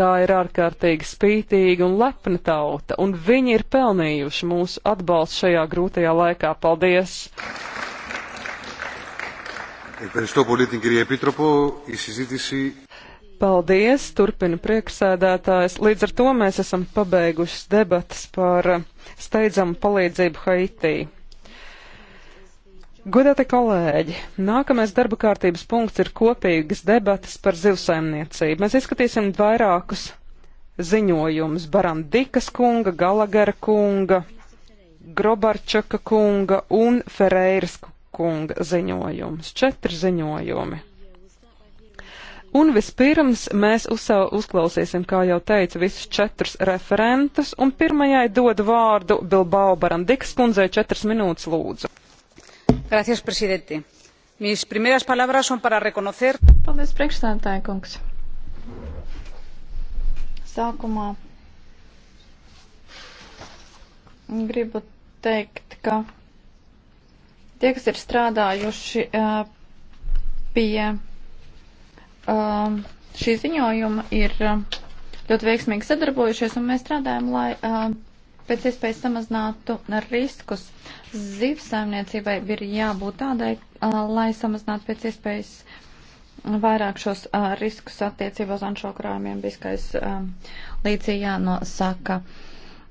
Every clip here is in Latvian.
Tā ir ārkārtīgi spītīga un lepna tauta, un viņi ir pelnījuši mūsu atbalstu šajā grūtajā laikā. Paldies! Paldies, turpina priekšsēdētājs. Līdz ar to mēs esam pabeiguši debatas par steidzamu palīdzību Haitī. Godāti kolēģi, nākamais darba kārtības punkts ir kopīgas debatas par zivsaimniecību. Mēs izskatīsim vairākus ziņojumus Barandikas kunga, Galagera kunga, Grobarčaka kunga un Ferreiras kunga ziņojumus. Četri ziņojumi. Un vispirms mēs uzsav, uzklausīsim, kā jau teicu, visus četrus referentus, un pirmajai dodu vārdu Bilbao Barandikas kundzei četras minūtes lūdzu. Gracias, presidente. Mis primeras palabras son para reconocer. Paldies, priekšstādātāja kungs. Sākumā gribu teikt, ka tie, kas ir strādājuši eh, pie eh, šī ziņojuma, ir eh, ļoti veiksmīgi sadarbojušies, un mēs strādājam, lai pēc iespējas samazinātu riskus. Zivsaimniecībai ir jābūt tādai, lai samazinātu pēc iespējas vairāk šos uh, riskus attiecībā uz anšokrājumiem, biskais um, līdzī jānosaka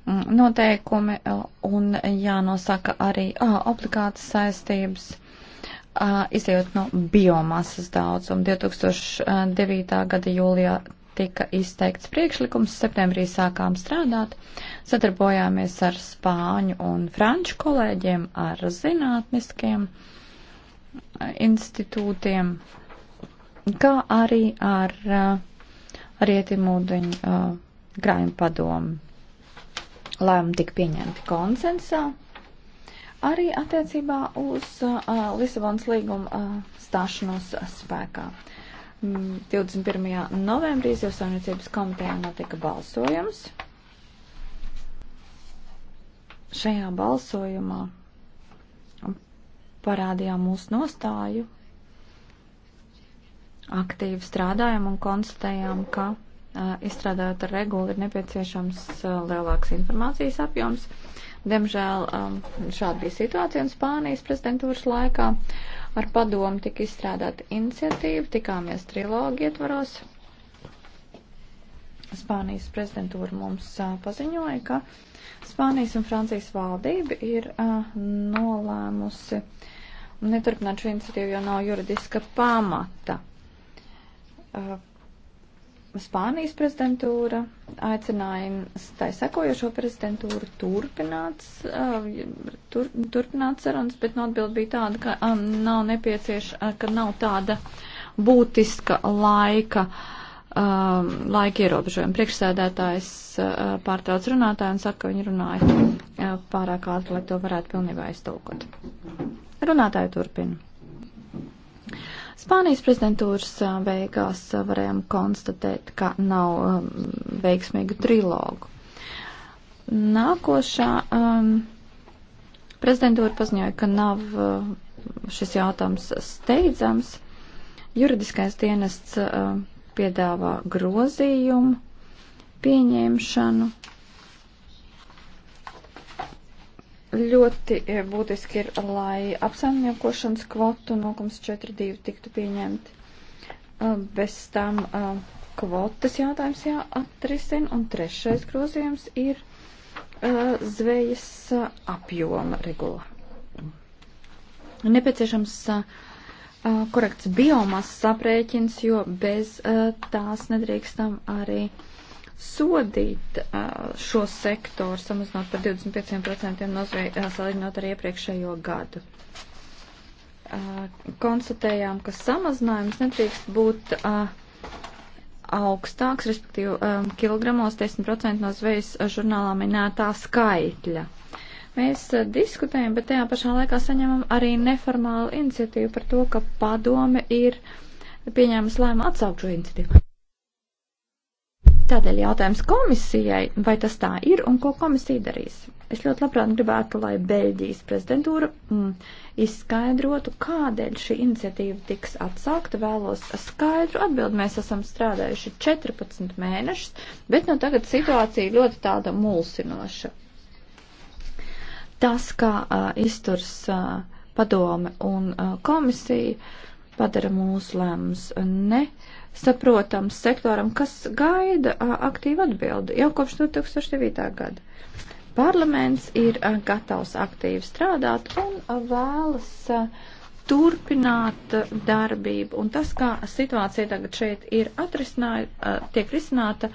noteikumi un jānosaka arī uh, obligātas saistības, uh, izjūt no biomasas daudzuma. 2009. gada jūlijā tika izteikts priekšlikums, septembrī sākām strādāt, sadarbojāmies ar spāņu un franču kolēģiem, ar zinātniskiem eh, institūtiem, kā arī ar eh, rietimūdeņu eh, grājumu padomu. Lēmumi tika pieņemti konsensā, arī attiecībā uz uh, Lisabonas līguma uh, stāšanos spēkā. Uh, 21. novembrī Zivsaimniecības komitejā notika balsojums. Šajā balsojumā parādījām mūsu nostāju, aktīvi strādājam un konstatējām, ka uh, izstrādājot ar regulu ir nepieciešams uh, lielāks informācijas apjoms. Diemžēl um, šāda bija situācija un Spānijas prezidentūras laikā. Uh, Ar padomu tika izstrādāta iniciatīva, tikāmies trilogu ietvaros. Spānijas prezidentūra mums paziņoja, ka Spānijas un Francijas valdība ir nolēmusi neturpināt šo iniciatīvu, jo nav juridiska pamata Spānijas prezidentūra aicināja tai sekojošo prezidentūru turpināt, uh, tur, turpināt sarunas, bet nu, atbild bija tāda, ka um, nav nepieciešama, ka nav tāda būtiska laika, um, laika ierobežojuma. Priekšsēdētājs uh, pārtrauc runātāju un saka, ka viņi runāja uh, pārāk ātri, lai to varētu pilnībā aiztulkot. Runātāju turpina. Spānijas prezidentūras beigās varējām konstatēt, ka nav um, veiksmīgu trilogu. Nākošā um, prezidentūra paziņoja, ka nav uh, šis jautājums steidzams. Juridiskais dienests uh, piedāvā grozījumu pieņemšanu Ļoti e, būtiski ir, lai apsaimniekošanas kvotu 0,42 tiktu pieņemti. E, bez tam e, kvotas jautājums jāatrisina, un trešais grozījums ir zvejas apjoma regulā. Nepieciešams korekts biomasas aprēķins, jo bez tās nedrīkstam arī uh, sodīt šo sektoru, samazinot par 25% nozvei, salīdzinot ar iepriekšējo gadu. Konstatējām, ka samazinājums nedrīkst būt augstāks, respektīvi kilogramos 10% no zvejas žurnālā minētā skaitļa. Mēs diskutējam, bet tajā pašā laikā saņemam arī neformālu iniciatīvu par to, ka padome ir pieņēmusi lēmu atsaukt šo iniciatīvu. Tādēļ jautājums komisijai, vai tas tā ir un ko komisija darīs. Es ļoti labprāt gribētu, lai Beļģijas prezidentūra mm, izskaidrotu, kādēļ šī iniciatīva tiks atsākta. Vēlos skaidru atbildi. Mēs esam strādājuši 14 mēnešus, bet nu tagad situācija ļoti tāda mulsinoša. Tas, kā uh, izturs uh, padome un uh, komisija, padara mūsu lēmums ne. Uh, saprotams sektoram, kas gaida aktīvu atbildi jau kopš 2009. gada. Parlaments ir gatavs aktīvi strādāt un vēlas turpināt darbību. Un tas, kā situācija tagad šeit ir atrisināta, tiek risināta,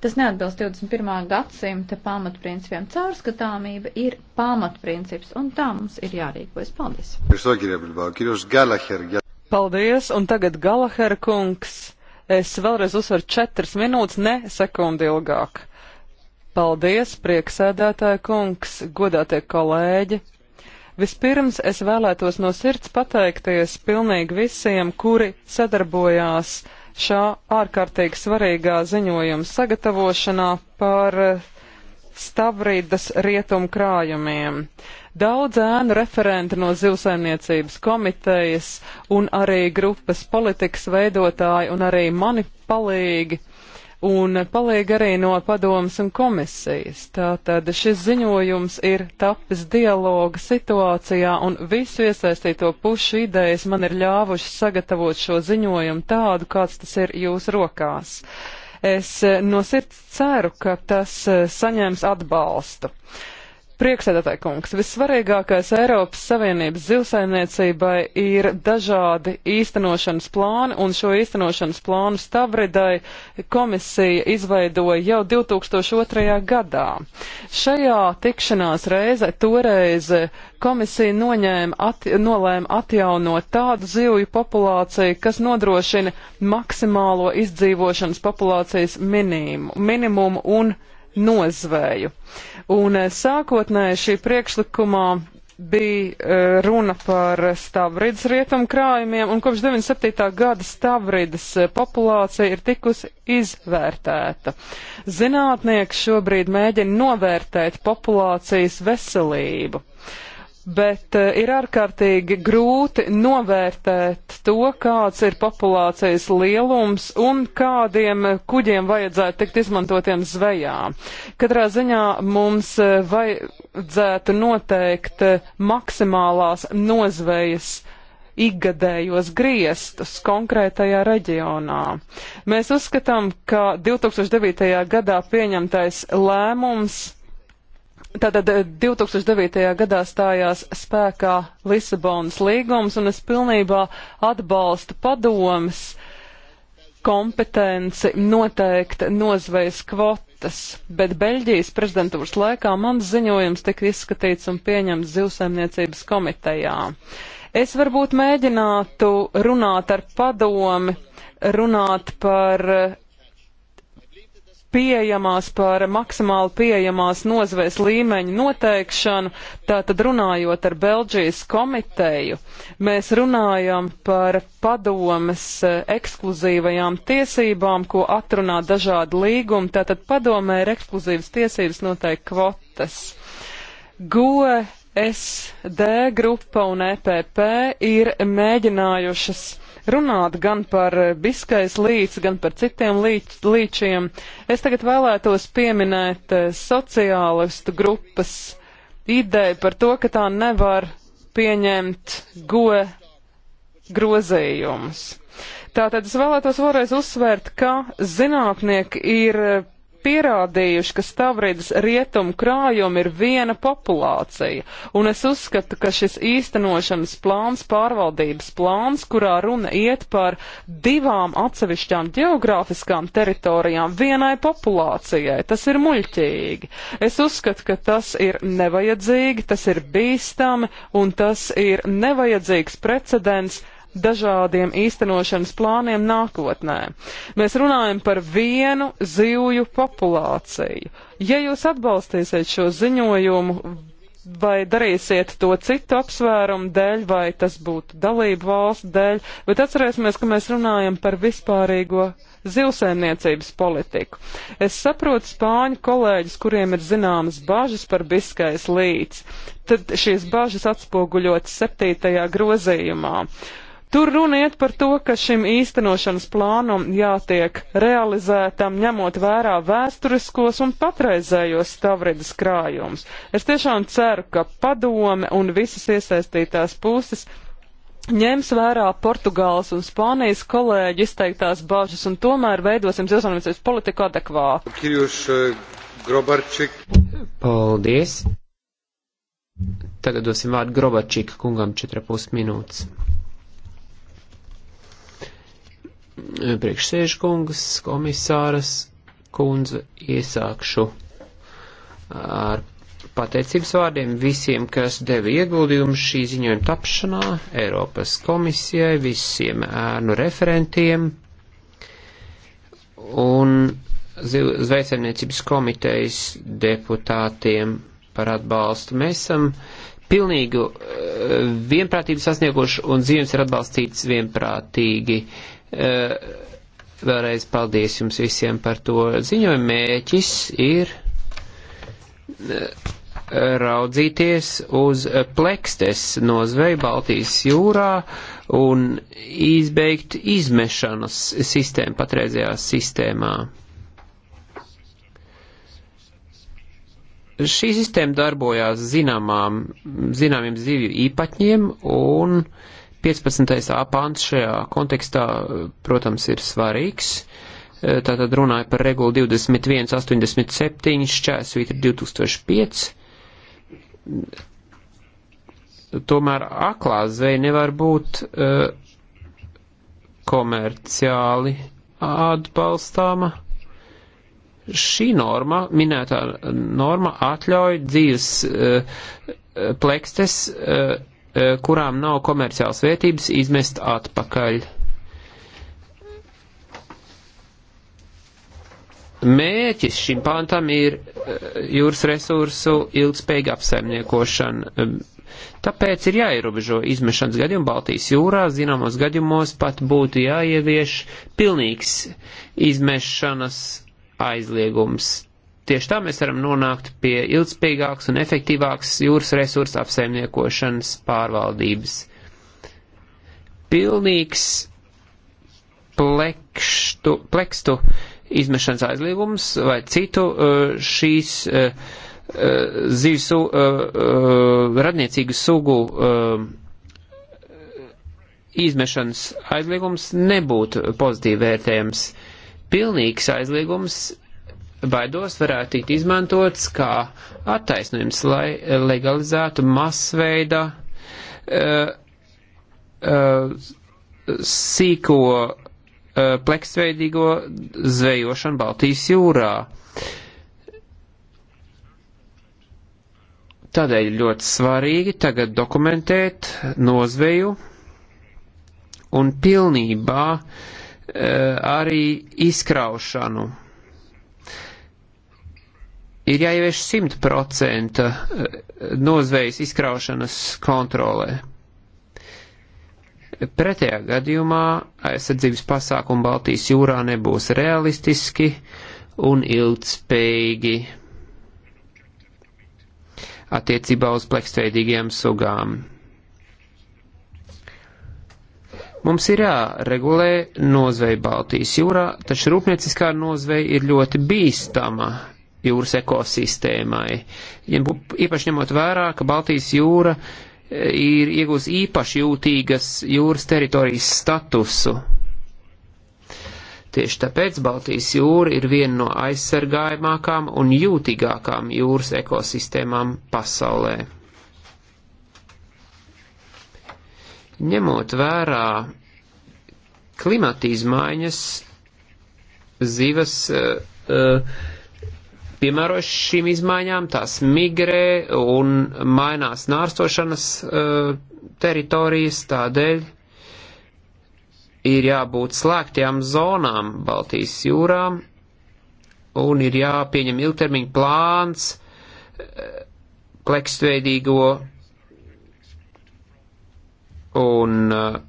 tas neatbilst 21. gadsimta pamatprincipiem. Caurskatāmība ir pamatprincips, un tā mums ir jārīkojas. Paldies! Paldies, un tagad Galahera kungs. Es vēlreiz uzsveru četras minūtes, ne sekundi ilgāk. Paldies, prieksēdētāja kungs, godātie kolēģi. Vispirms es vēlētos no sirds pateikties pilnīgi visiem, kuri sadarbojās šā ārkārtīgi svarīgā ziņojuma sagatavošanā par uh, Stavridas rietumu krājumiem. Daudz ēnu referenti no zivsaimniecības komitejas un arī grupas politikas veidotāji un arī mani palīgi un palīgi arī no padomas un komisijas. Tātad šis ziņojums ir tapis dialoga situācijā, un visu iesaistīto pušu idejas man ir ļāvušas sagatavot šo ziņojumu tādu, kāds tas ir jūsu rokās. Uh, Es no sirds ceru, ka tas eh, saņems atbalstu. Uh, Priekšsēdētāji kungs, vissvarīgākais Eiropas Savienības zivsaimniecībai ir dažādi īstenošanas plāni, un šo īstenošanas plānu stavridai komisija izveidoja jau 2002. gadā. Šajā tikšanās reize toreiz komisija noņēma, at, nolēma atjaunot tādu zivju populāciju, kas nodrošina maksimālo izdzīvošanas populācijas minimumu, minimumu un minimumu nozvēju. Un eh, sākotnēji šī priekšlikumā bija eh, runa par stavridas rietumu krājumiem, un kopš 97. gada stavridas eh, populācija ir tikusi izvērtēta. Zinātnieki šobrīd mēģina novērtēt populācijas veselību bet eh, ir ārkārtīgi grūti novērtēt to, kāds ir populācijas lielums un kādiem kuģiem vajadzētu tikt izmantotiem zvejā. Katrā ziņā mums eh, vajadzētu noteikt eh, maksimālās nozvejas ikgadējos griestus konkrētajā reģionā. Mēs uzskatām, ka 2009. gadā pieņemtais lēmums Tātad 2009. Eh, gadā stājās spēkā Lisabonas līgums, un es pilnībā atbalstu padomas kompetenci noteikt nozvejas kvotas, bet Beļģijas prezidentūras laikā mans ziņojums tika izskatīts un pieņemts zivsaimniecības komitejā. Es varbūt mēģinātu runāt ar padomi, runāt par pieejamās, par maksimāli pieejamās nozvēs līmeņu noteikšanu, tātad runājot ar Belģijas komiteju, mēs runājam par padomes eh, ekskluzīvajām tiesībām, ko atrunā dažādi līgumi, tātad padomē ir ekskluzīvas tiesības noteikti kvotas. GOE, SD grupa un EPP ir mēģinājušas runāt gan par biskais līdz, gan par citiem līč, līčiem. Es tagad vēlētos pieminēt eh, sociālistu grupas ideju par to, ka tā nevar pieņemt goe grozījumus. Tātad es vēlētos vēlreiz uzsvērt, ka zinātnieki ir eh, pierādījuši, ka stavridas rietumu krājumi ir viena populācija, un es uzskatu, ka šis īstenošanas plāns, pārvaldības plāns, kurā runa iet par divām atsevišķām geogrāfiskām teritorijām vienai populācijai, tas ir muļķīgi. Es uzskatu, ka tas ir nevajadzīgi, tas ir bīstami, un tas ir nevajadzīgs precedents dažādiem īstenošanas plāniem nākotnē. Mēs runājam par vienu zivju populāciju. Ja jūs atbalstīsiet šo ziņojumu, vai darīsiet to citu apsvērumu dēļ, vai tas būtu dalību valstu dēļ, bet atcerēsimies, ka mēs runājam par vispārīgo zivsēmniecības politiku. Es saprotu spāņu kolēģis, kuriem ir zināmas bažas par biskais līdz, tad šīs bažas atspoguļotas septītajā grozījumā. Uh, Tur runiet par to, ka šim īstenošanas plānam jātiek realizētam, ņemot vērā vēsturiskos un patreizējos stavridas krājumus. Es tiešām ceru, ka padome un visas iesaistītās puses ņems vērā Portugāles un Spānijas kolēģi izteiktās bažas un tomēr veidosim zilzonvicības politiku adekvātu. Kirjuš eh, Grobarčik. Paldies. Tagad dosim vārdu Grobarčika kungam 4,5 minūtes priekšsēžkungs, komisāras kundze, iesākšu ar pateicības vārdiem visiem, kas deva ieguldījumu šī ziņojuma tapšanā, Eiropas komisijai, visiem ēnu referentiem un Zveicēmniecības komitejas deputātiem par atbalstu. Mēs esam pilnīgu eh, vienprātību sasnieguši un dzīves ir atbalstīts vienprātīgi. Uh, Eh, vēlreiz paldies jums visiem par to ziņojumu. Mēķis ir eh, raudzīties uz plekstes no zveju Baltijas jūrā un izbeigt izmešanas sistēmu patreizajā sistēmā. Šī sistēma darbojās zināmām, zināmiem zivju īpaņiem un uh, 15. pāns šajā kontekstā, protams, ir svarīgs. E, tātad runāja par regulu 21, 87, šķērsvīt ir 2005. Tomēr aklā zveja nevar būt uh, komerciāli atbalstāma. Šī norma, minētā norma, atļauj dzīves uh, plekstes uh, Eh, kurām nav komerciāls vērtības, izmest atpakaļ. Mērķis šim pantam ir eh, jūras resursu ilgspējīga apsaimniekošana. Tāpēc ir jāierobežo izmešanas gadījumu Baltijas jūrā, zināmos gadījumos pat būtu jāievieš pilnīgs izmešanas aizliegums. Tieši tā mēs varam nonākt pie ilgspējīgākas un efektīvākas jūras resursu apsaimniekošanas pārvaldības. Pilnīgs plekštu, plekstu izmešanas aizliegums vai citu uh, šīs uh, uh, zivs su, radniecīgu sugu um, izmešanas aizliegums nebūtu pozitīvi vērtējams. Pilnīgs aizliegums baidos varētu tikt izmantots kā attaisnojums, lai legalizētu masveida uh, uh, sīko uh, pleksveidīgo zvejošanu Baltijas jūrā. Tādēļ ļoti svarīgi tagad dokumentēt nozveju un pilnībā uh, arī izkraušanu ir jāievieš 100% eh, nozvejas izkraušanas kontrolē. Pretējā gadījumā aizsardzības pasākumi Baltijas jūrā nebūs realistiski un ilgspējīgi attiecībā uz plekstveidīgiem sugām. Mums ir jāregulē nozvei Baltijas jūrā, taču rūpnieciskā nozvei ir ļoti bīstama jūras ekosistēmai. Īpaši ņemot vērā, ka Baltijas jūra e, ir iegūs īpaši jūtīgas jūras teritorijas statusu. Tieši tāpēc Baltijas jūra ir viena no aizsargājumākām un jūtīgākām jūras ekosistēmām pasaulē. Ņemot vērā klimata izmaiņas, zivas uh, uh, piemērojas šīm izmaiņām, tās migrē un mainās nārstošanas uh, teritorijas, tādēļ ir jābūt slēgtajām zonām Baltijas jūrā un ir jāpieņem ilgtermiņa plāns uh, e, plekstveidīgo un uh,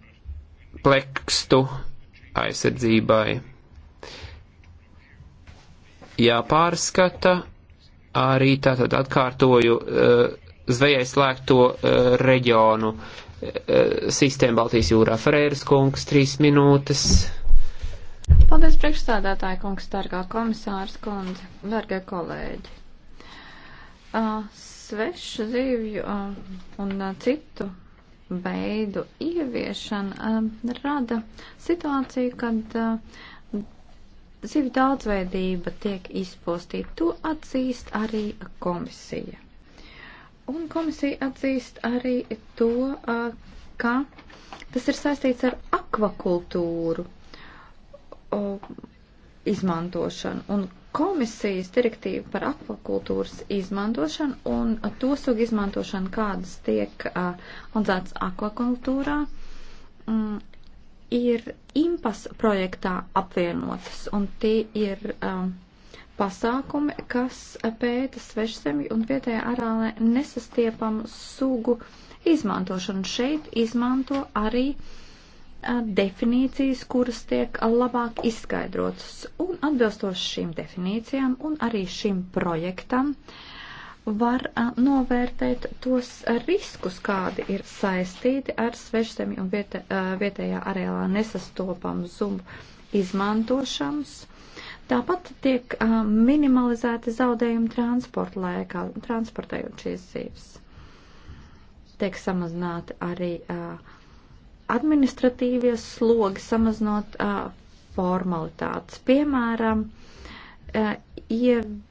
plekstu aizsardzībai jāpārskata arī tātad atkārtoju eh, zvejai slēgto eh, reģionu eh, sistēmu Baltijas jūrā. Ferēras kungs, trīs minūtes. Paldies priekšstādātāji kungs, dargā komisārs kundze, dargie kolēģi. Svešu zīvju un citu veidu ieviešana rada situāciju, kad uh, Zivju daudzveidība tiek izpostīta, to atzīst arī komisija. Un komisija atzīst arī to, ka tas ir saistīts ar akvakultūru izmantošanu. Un komisijas direktīva par akvakultūras izmantošanu un to sugu izmantošanu, kādas tiek audzētas akvakultūrā, mm, ir impas projektā apvienotas, un tie ir um, pasākumi, kas pēta svešzemju un vietējā arālē nesastiepamu sugu izmantošanu. Šeit izmanto arī uh, definīcijas, kuras tiek labāk izskaidrotas, un atbilstoši šīm definīcijām un arī šim projektam uh, var novērtēt tos riskus, kādi ir saistīti ar svešzemi un vietē, vietējā arēlā nesastopamu zumbu izmantošanas. Tāpat tiek minimalizēti zaudējumi transporta laikā, transportējot šīs zīves. Tiek samazināti arī administratīvie slogi, samazinot formalitātes. Piemēram, ievērt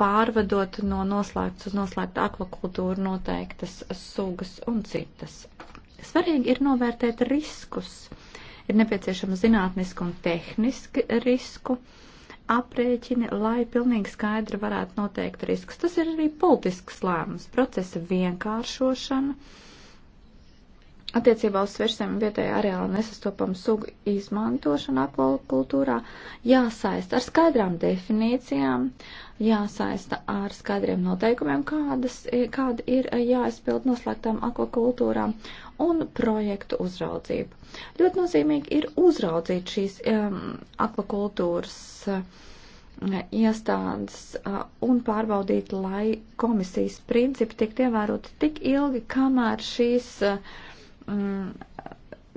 pārvadot no noslēgtas uz noslēgtu akvakultūru noteiktas sugas un citas. Svarīgi ir novērtēt riskus. Ir nepieciešama zinātniska un tehniska risku aprēķini, lai pilnīgi skaidri varētu noteikt riskus. Tas ir arī politisks lēmums, procesa vienkāršošana attiecībā uz svešiem vietējā areāla nesastopamu sugu izmantošanu akvakultūrā jāsaista ar skaidrām definīcijām, jāsaista ar skaidriem noteikumiem, kādas, kāda ir e, jāizpild noslēgtām akvakultūrām un projektu uzraudzību. Ļoti nozīmīgi ir uzraudzīt šīs um, akvakultūras uh, iestādes uh, un pārbaudīt, lai komisijas principi tiek ievēroti tik ilgi, kamēr šīs uh, mm,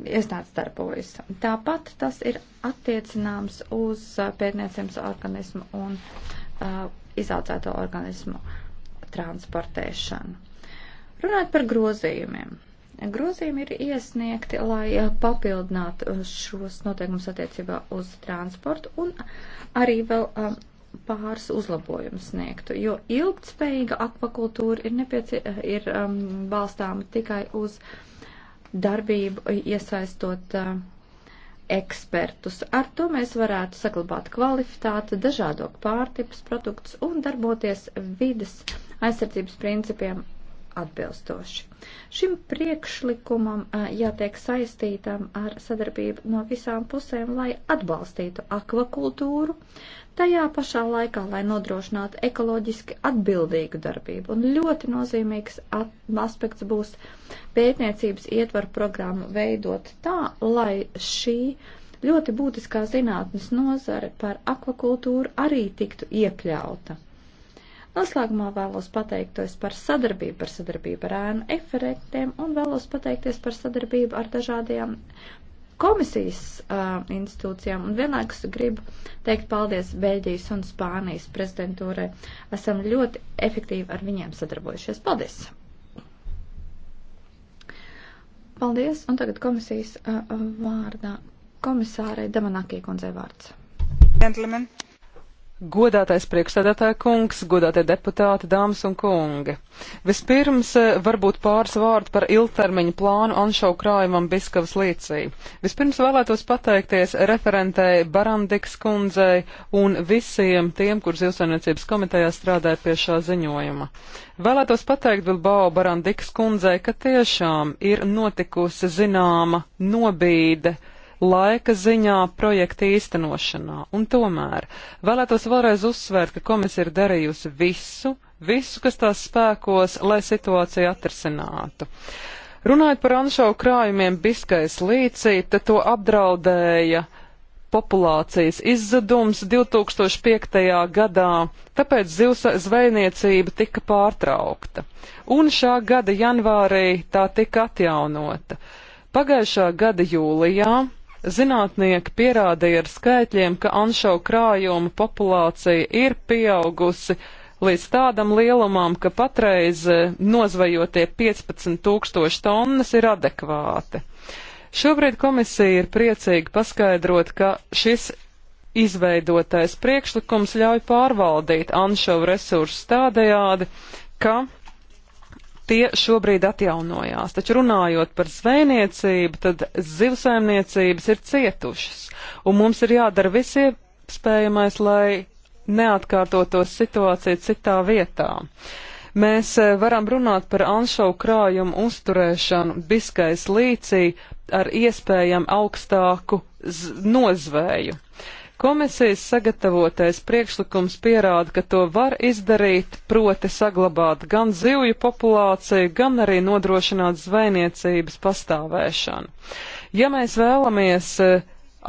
iestādes darbojas. Tāpat tas ir attiecināms uz pētniecības organismu un uh, izaudzēto organismu transportēšanu. Runājot par grozījumiem. Grozījumi ir iesniegti, lai papildinātu šos noteikumus attiecībā uz transportu un arī vēl um, pāris uzlabojumus sniegtu, jo ilgtspējīga akvakultūra ir, nepiecie, ir um, balstāma tikai uz uh, darbību, eh, iesaistot uh, ekspertus. Ar to mēs varētu saglabāt kvalitāti, dažādok pārtipas produktus un darboties vides aizsardzības principiem atbilstoši. Šim priekšlikumam jātiek saistītam ar sadarbību no visām pusēm, lai atbalstītu akvakultūru, tajā pašā laikā, lai nodrošinātu ekoloģiski atbildīgu darbību. Un ļoti nozīmīgs aspekts būs pētniecības ietvaru programmu veidot tā, lai šī ļoti būtiskā zinātnes nozare par akvakultūru arī tiktu iekļauta Noslēgumā vēlos pateikties par sadarbību, par sadarbību ar ēnu eferentiem un vēlos pateikties par sadarbību ar dažādajām komisijas uh, institūcijām. Un vienlaikus gribu teikt paldies Beļģijas un Spānijas prezidentūrai. Esam ļoti efektīvi ar viņiem sadarbojušies. Paldies! Paldies, un tagad komisijas uh, vārdā komisārai Damanakī kundzei vārds. Gentlemen. Godātais priekšsēdētāja kungs, godātie deputāti, dāmas un kungi. Vispirms eh, varbūt pāris vārdu par ilgtermiņu plānu Anšau krājumam Biskavas līcī. Vispirms vēlētos pateikties referentēji Barandiks kundzei un visiem tiem, kur zilsainiecības komitejā strādāja pie šā ziņojuma. Vēlētos pateikt Bilbao Barandiks kundzei, ka tiešām ir notikusi zināma nobīde laika ziņā projekta īstenošanā. Un tomēr vēlētos vēlreiz uzsvērt, ka komisija ir darījusi visu, visu, kas tās spēkos, lai situāciju atrisinātu. Runājot par anšau krājumiem Biskais līcī, tad to apdraudēja populācijas izzudums 2005. gadā, tāpēc zvejniecība tika pārtraukta. Un šā gada janvārī tā tika atjaunota. Pagājušā gada jūlijā Zinātnieki pierādīja ar skaitļiem, ka anšau krājuma populācija ir pieaugusi līdz tādam lielumam, ka patreiz e, nozvajotie 15 tūkstoši tonnas ir adekvāti. Šobrīd komisija ir priecīga paskaidrot, ka šis izveidotais priekšlikums ļauj pārvaldīt anšovu resursus tādējādi, ka tie šobrīd atjaunojās. Taču runājot par zvejniecību, tad zivsaimniecības ir cietušas, un mums ir jādara viss iespējamais, lai neatkārtotos situācija citā vietā. Mēs eh, varam runāt par anšovu krājumu uzturēšanu biskais līcī ar iespējami augstāku nozvēju. Komisijas sagatavotais priekšlikums pierāda, ka to var izdarīt, proti saglabāt gan zivju populāciju, gan arī nodrošināt zvejniecības pastāvēšanu. Ja mēs vēlamies e,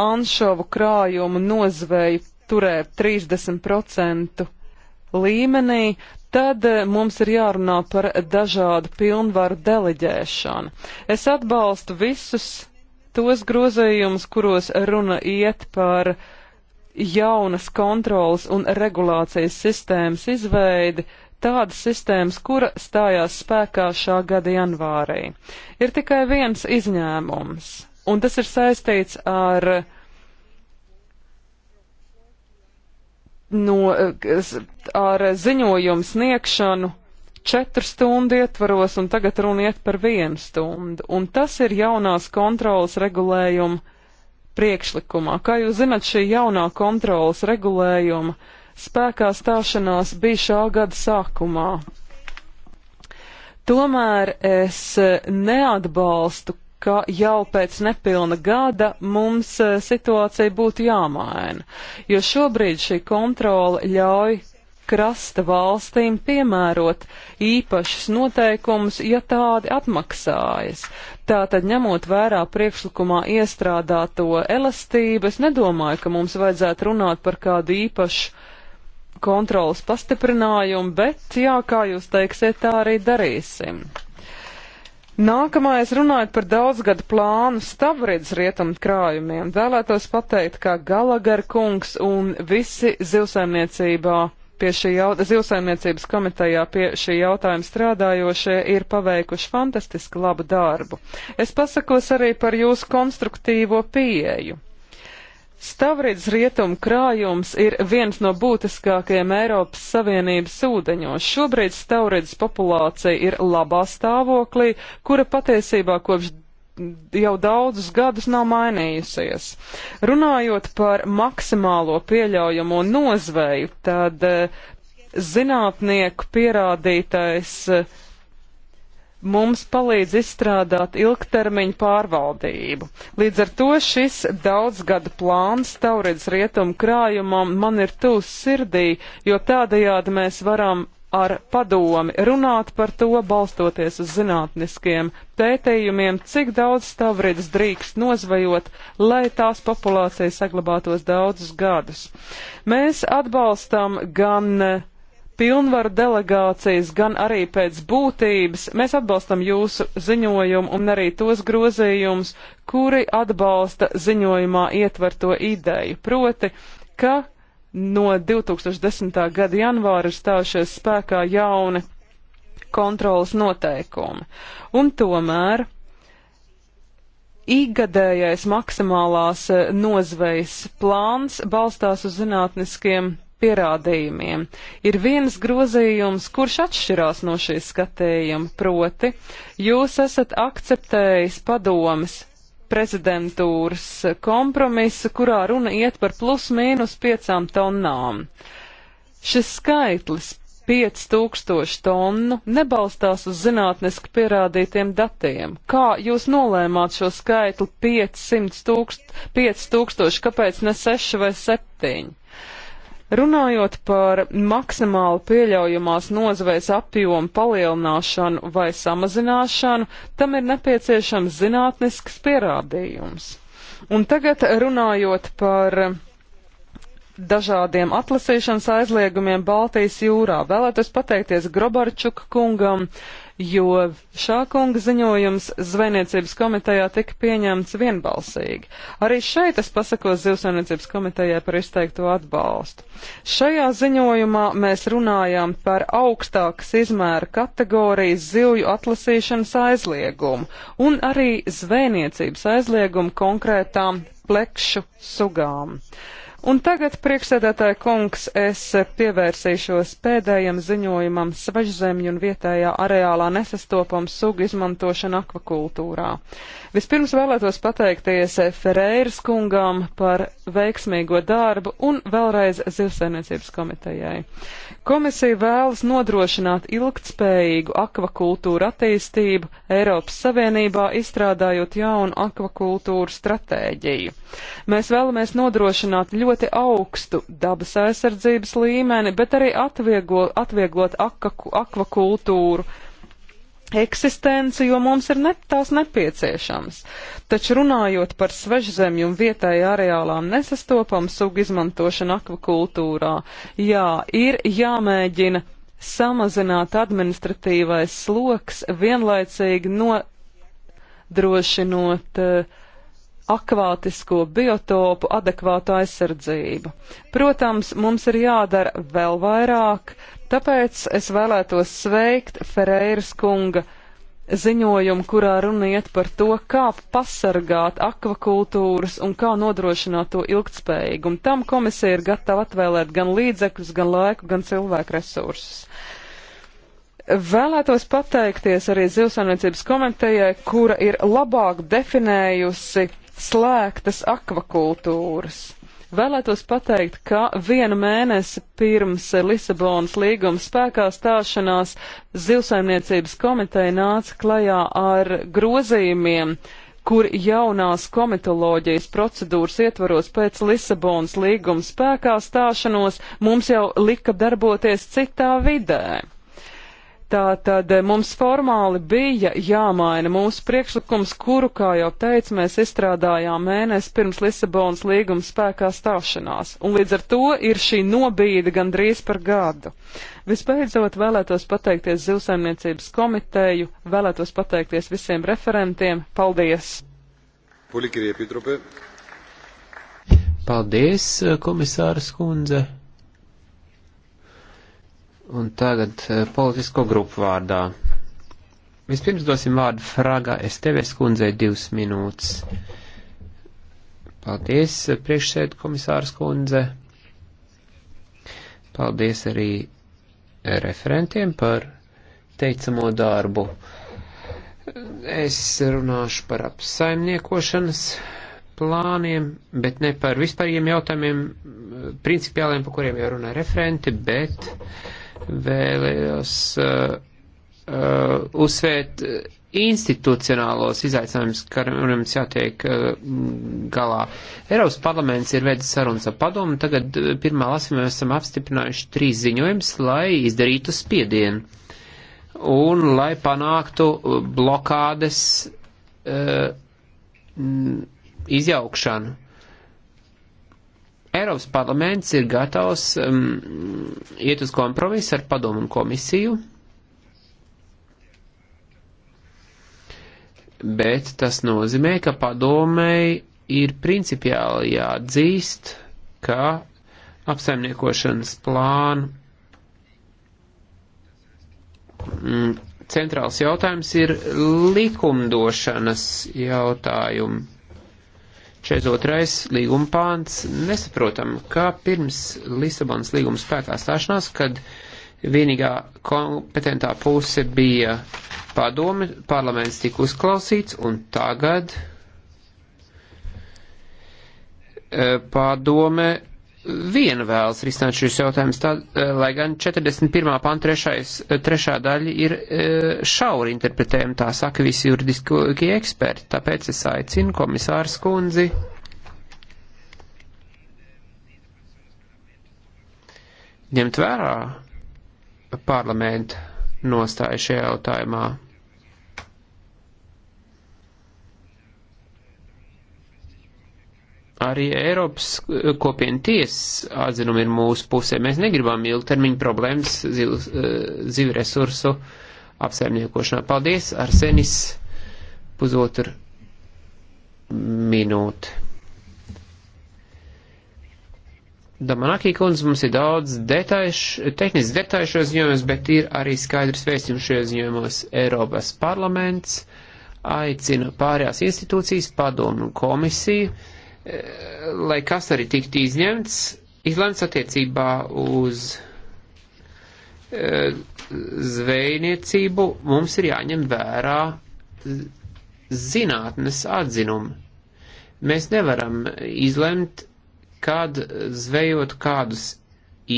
anšovu krājumu nozveju turēt 30% līmenī, tad e, mums ir jārunā par dažādu pilnvaru deleģēšanu. Es atbalstu visus tos grozījumus, kuros runa iet par uh, jaunas kontrolas un regulācijas sistēmas izveidi, tādas sistēmas, kura stājās spēkā šā gada janvārī. Ir tikai viens izņēmums, un tas ir saistīts ar no, ar ziņojumu sniegšanu četru stundu ietvaros, un tagad runa iet par vienu stundu. Un tas ir jaunās kontrolas regulējuma priekšlikumā. Kā jūs zinat, šī jaunā kontrolas regulējuma spēkā stāšanās bija šā gada sākumā. Tomēr es neatbalstu, ka jau pēc nepilna gada mums eh, situācija būtu jāmaina, jo šobrīd šī kontrola ļauj krasta valstīm piemērot īpašas noteikumus, ja tādi atmaksājas. Tātad, ņemot vērā priekšlikumā iestrādāto elastību, es nedomāju, ka mums vajadzētu runāt par kādu īpašu kontrolas pastiprinājumu, bet jā, kā jūs teiksiet, tā arī darīsim. Nākamais runājot par daudzgadu plānu stavrids rietumu krājumiem, vēlētos pateikt, ka Galagar kungs un visi zivsaimniecībā pie šī jautājuma, zivsaimniecības komitejā pie šī jautājuma strādājošie ir paveikuši fantastiski labu darbu. Es pasakos arī par jūsu konstruktīvo pieeju. Stavrids rietumu krājums ir viens no būtiskākajiem Eiropas Savienības ūdeņos. Šobrīd stavrids populācija ir labā stāvoklī, kura patiesībā kopš jau daudzus gadus nav mainījusies. Runājot par maksimālo pieļaujamo nozveju, tad eh, zinātnieku pierādītais eh, mums palīdz izstrādāt ilgtermiņu pārvaldību. Līdz ar to šis daudzgada plāns Taurids rietumu krājumam man ir tūs sirdī, jo tādajādi mēs varam ar padomi runāt par to, balstoties uz zinātniskiem pētījumiem, cik daudz stavridus drīkst nozvejot, lai tās populācija saglabātos daudzus gadus. Mēs atbalstam gan e, pilnvaru delegācijas, gan arī pēc būtības. Mēs atbalstam jūsu ziņojumu un arī tos grozījumus, kuri atbalsta ziņojumā ietverto ideju, proti, ka no 2010. gada janvāra ir stājušies spēkā jauni kontrolas noteikumi. Un tomēr ikgadējais maksimālās eh, nozvejas plāns balstās uz zinātniskiem pierādījumiem. Ir viens grozījums, kurš atšķirās no šīs skatījuma, proti, jūs esat akceptējis padomas prezidentūras kompromisu, kurā runa iet par plus mīnus piecām tonnām. Šis skaitlis 5000 tonnu nebalstās uz zinātniski pierādītiem datiem. Kā jūs nolēmāt šo skaitli 500 tūkst, 5000, kāpēc ne 6 vai 7? Runājot par maksimālu pieļaujamās nozvejas apjomu palielināšanu vai samazināšanu, tam ir nepieciešams zinātnisks pierādījums. Un tagad runājot par dažādiem atlasīšanas aizliegumiem Baltijas jūrā. Vēlētos pateikties Grobarčuk kungam, jo šā kunga ziņojums zvejniecības komitejā tika pieņemts vienbalsīgi. Arī šeit es pasakos zivsainiecības komitejai par izteikto atbalstu. Šajā ziņojumā mēs runājām par augstākas izmēra kategorijas zivju atlasīšanas aizliegumu un arī zvejniecības aizliegumu konkrētām plekšu sugām. Uh, Un tagad, priekšsēdētāja kungs, es pievērsīšos pēdējam ziņojumam svažzemju un vietējā areālā nesastopama sugu izmantošana akvakultūrā. Vispirms vēlētos pateikties Ferreiras kungām par veiksmīgo darbu un vēlreiz Zivsainiecības komitejai. Komisija vēlas nodrošināt ilgtspējīgu akvakultūru attīstību Eiropas Savienībā, izstrādājot jaunu akvakultūru stratēģiju. Mēs vēlamies nodrošināt ļoti ļoti augstu dabas aizsardzības līmeni, bet arī atvieglo, atvieglot akaku, akvakultūru eksistenci, jo mums ir ne, tās nepieciešams. Taču runājot par svežzemju un vietēju areālām nesastopamu sugu izmantošanu akvakultūrā, jā, ir jāmēģina samazināt administratīvais sloks, vienlaicīgi nodrošinot uh, akvātisko biotopu adekvātu aizsardzību. Protams, mums ir jādara vēl vairāk, tāpēc es vēlētos sveikt Ferreiras kunga ziņojumu, kurā runiet par to, kā pasargāt akvakultūras un kā nodrošināt to ilgtspējīgumu. Tam komisija ir gatava atvēlēt gan līdzekļus, gan laiku, gan cilvēku resursus. Vēlētos pateikties arī Zivsaimniecības komitejai, kura ir labāk definējusi slēgtas akvakultūras. Vēlētos pateikt, ka vienu mēnesi pirms Lisabonas līguma spēkā stāšanās zivsaimniecības komiteja nāca klajā ar grozījumiem, kur jaunās komitoloģijas procedūras ietvaros pēc Lisabonas līguma spēkā stāšanos mums jau lika darboties citā vidē. Tātad eh, mums formāli bija jāmaina mūsu priekšlikums, kuru, kā jau teicu, mēs izstrādājām mēnesi pirms Lisabonas līguma spēkā stāšanās, un līdz ar to ir šī nobīde gandrīz par gadu. Visbeidzot, vēlētos pateikties Zivsaimniecības komiteju, vēlētos pateikties visiem referentiem. Paldies! Paldies, komisāras kundze! Un tagad eh, politisko grupu vārdā. Vispirms dosim vārdu Fraga Esteves kundzei divas minūtes. Paldies, eh, priekšsēdu komisārs kundze. Paldies arī eh, referentiem par teicamo darbu. Es runāšu par apsaimniekošanas plāniem, bet ne par vispāriem jautājumiem, principiāliem, par kuriem jau runā referenti, bet uh, vēlējos uh, uh, uzsvērt uh, institucionālos izaicinājumus, kuriem mums jātiek uh, galā. Eiropas parlaments ir veids sarunas ar padomu, tagad uh, pirmā lasījumā esam apstiprinājuši trīs ziņojumus, lai izdarītu spiedienu un lai panāktu uh, blokādes uh, izjaukšanu. Eiropas parlaments ir gatavs um, iet uz kompromisu ar padomu un komisiju, bet tas nozīmē, ka padomēji ir principiāli jāatzīst, ka apsaimniekošanas plānu mm, centrāls jautājums ir likumdošanas jautājumi. 42. līguma pāns nesaprotam, kā pirms Lisabonas līguma spēkā stāšanās, kad vienīgā kompetentā puse bija padome, parlaments tika uzklausīts un tagad eh, padome viena vēlas risināt šīs jautājumas, tā, eh, lai gan 41. pant trešais, eh, trešā daļa ir eh, šauri interpretējama, tā saka visi juridiski eksperti. Tāpēc es aicinu komisārs kundzi. ņemt vērā parlamenta nostāju šajā jautājumā. Arī Eiropas eh, kopienu tiesas atzinumi ir mūsu pusē. Mēs negribam ilgtermiņu problēmas zivu, eh, zivu resursu apsaimniekošanā. Paldies, Arsenis, pusotru minūti. Damanakī kundze mums ir daudz detaļu, tehniski detaļu šajos ziņojumos, bet ir arī skaidrs vēstījums šajos ziņojumos. Eiropas parlaments aicina pārējās institūcijas, padomu un komisiju lai kas arī tiktu izņemts, izlemts attiecībā uz e, zvejniecību, mums ir jāņem vērā zinātnes atzinumi. Mēs nevaram izlemt, kad zvejot kādus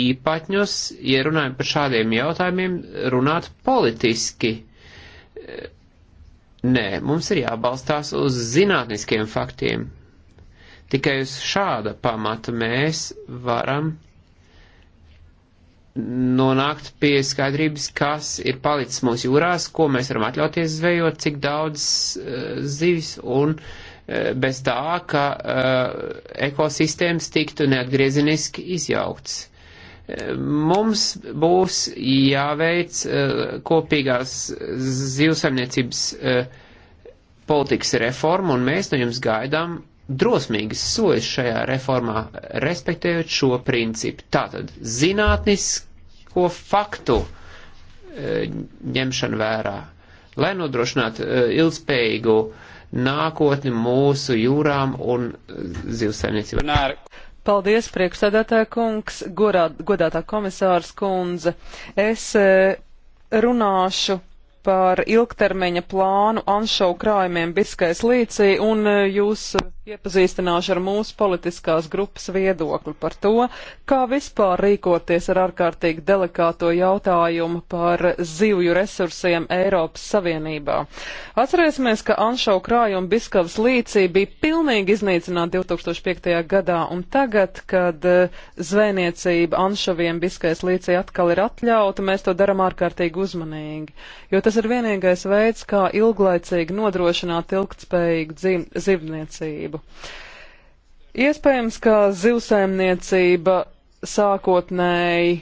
īpaņus, ja runājam par šādiem jautājumiem, runāt politiski. E, nē, mums ir jābalstās uz zinātniskiem faktiem. Tikai uz šāda pamata mēs varam nonākt pie skaidrības, kas ir palicis mūsu jūrās, ko mēs varam atļauties zvejot, cik daudz uh, zivis un uh, bez tā, ka uh, ekosistēmas tiktu neatgriezeniski izjauktas. Uh, mums būs jāveic uh, kopīgās zivsaimniecības uh, politikas reforma, un mēs no jums gaidām drosmīgas sojas šajā reformā, respektējot šo principu. Tātad zinātnisko faktu e, ņemšanu vērā, lai nodrošinātu e, ilgspējīgu nākotni mūsu jūrām un e, zivsainiecībā. Paldies, priekšsēdētāja kungs, gorā, godātā komisārs kundze. Es runāšu par ilgtermiņa plānu anšau krājumiem Biskais līcī un jūs iepazīstināšu ar mūsu politiskās grupas viedokli par to, kā vispār rīkoties ar ārkārtīgi delikāto jautājumu par zivju resursiem Eiropas Savienībā. Atcerēsimies, ka Anšau krājuma Biskavas līcī bija pilnīgi iznīcināta 2005. gadā, un tagad, kad eh, zvejniecība Anšaviem Biskais līcī atkal ir atļauta, mēs to darām ārkārtīgi uzmanīgi, jo tas ir vienīgais veids, kā ilglaicīgi nodrošināt ilgtspējīgu zivniecību laiku. Iespējams, ka zivsaimniecība sākotnēji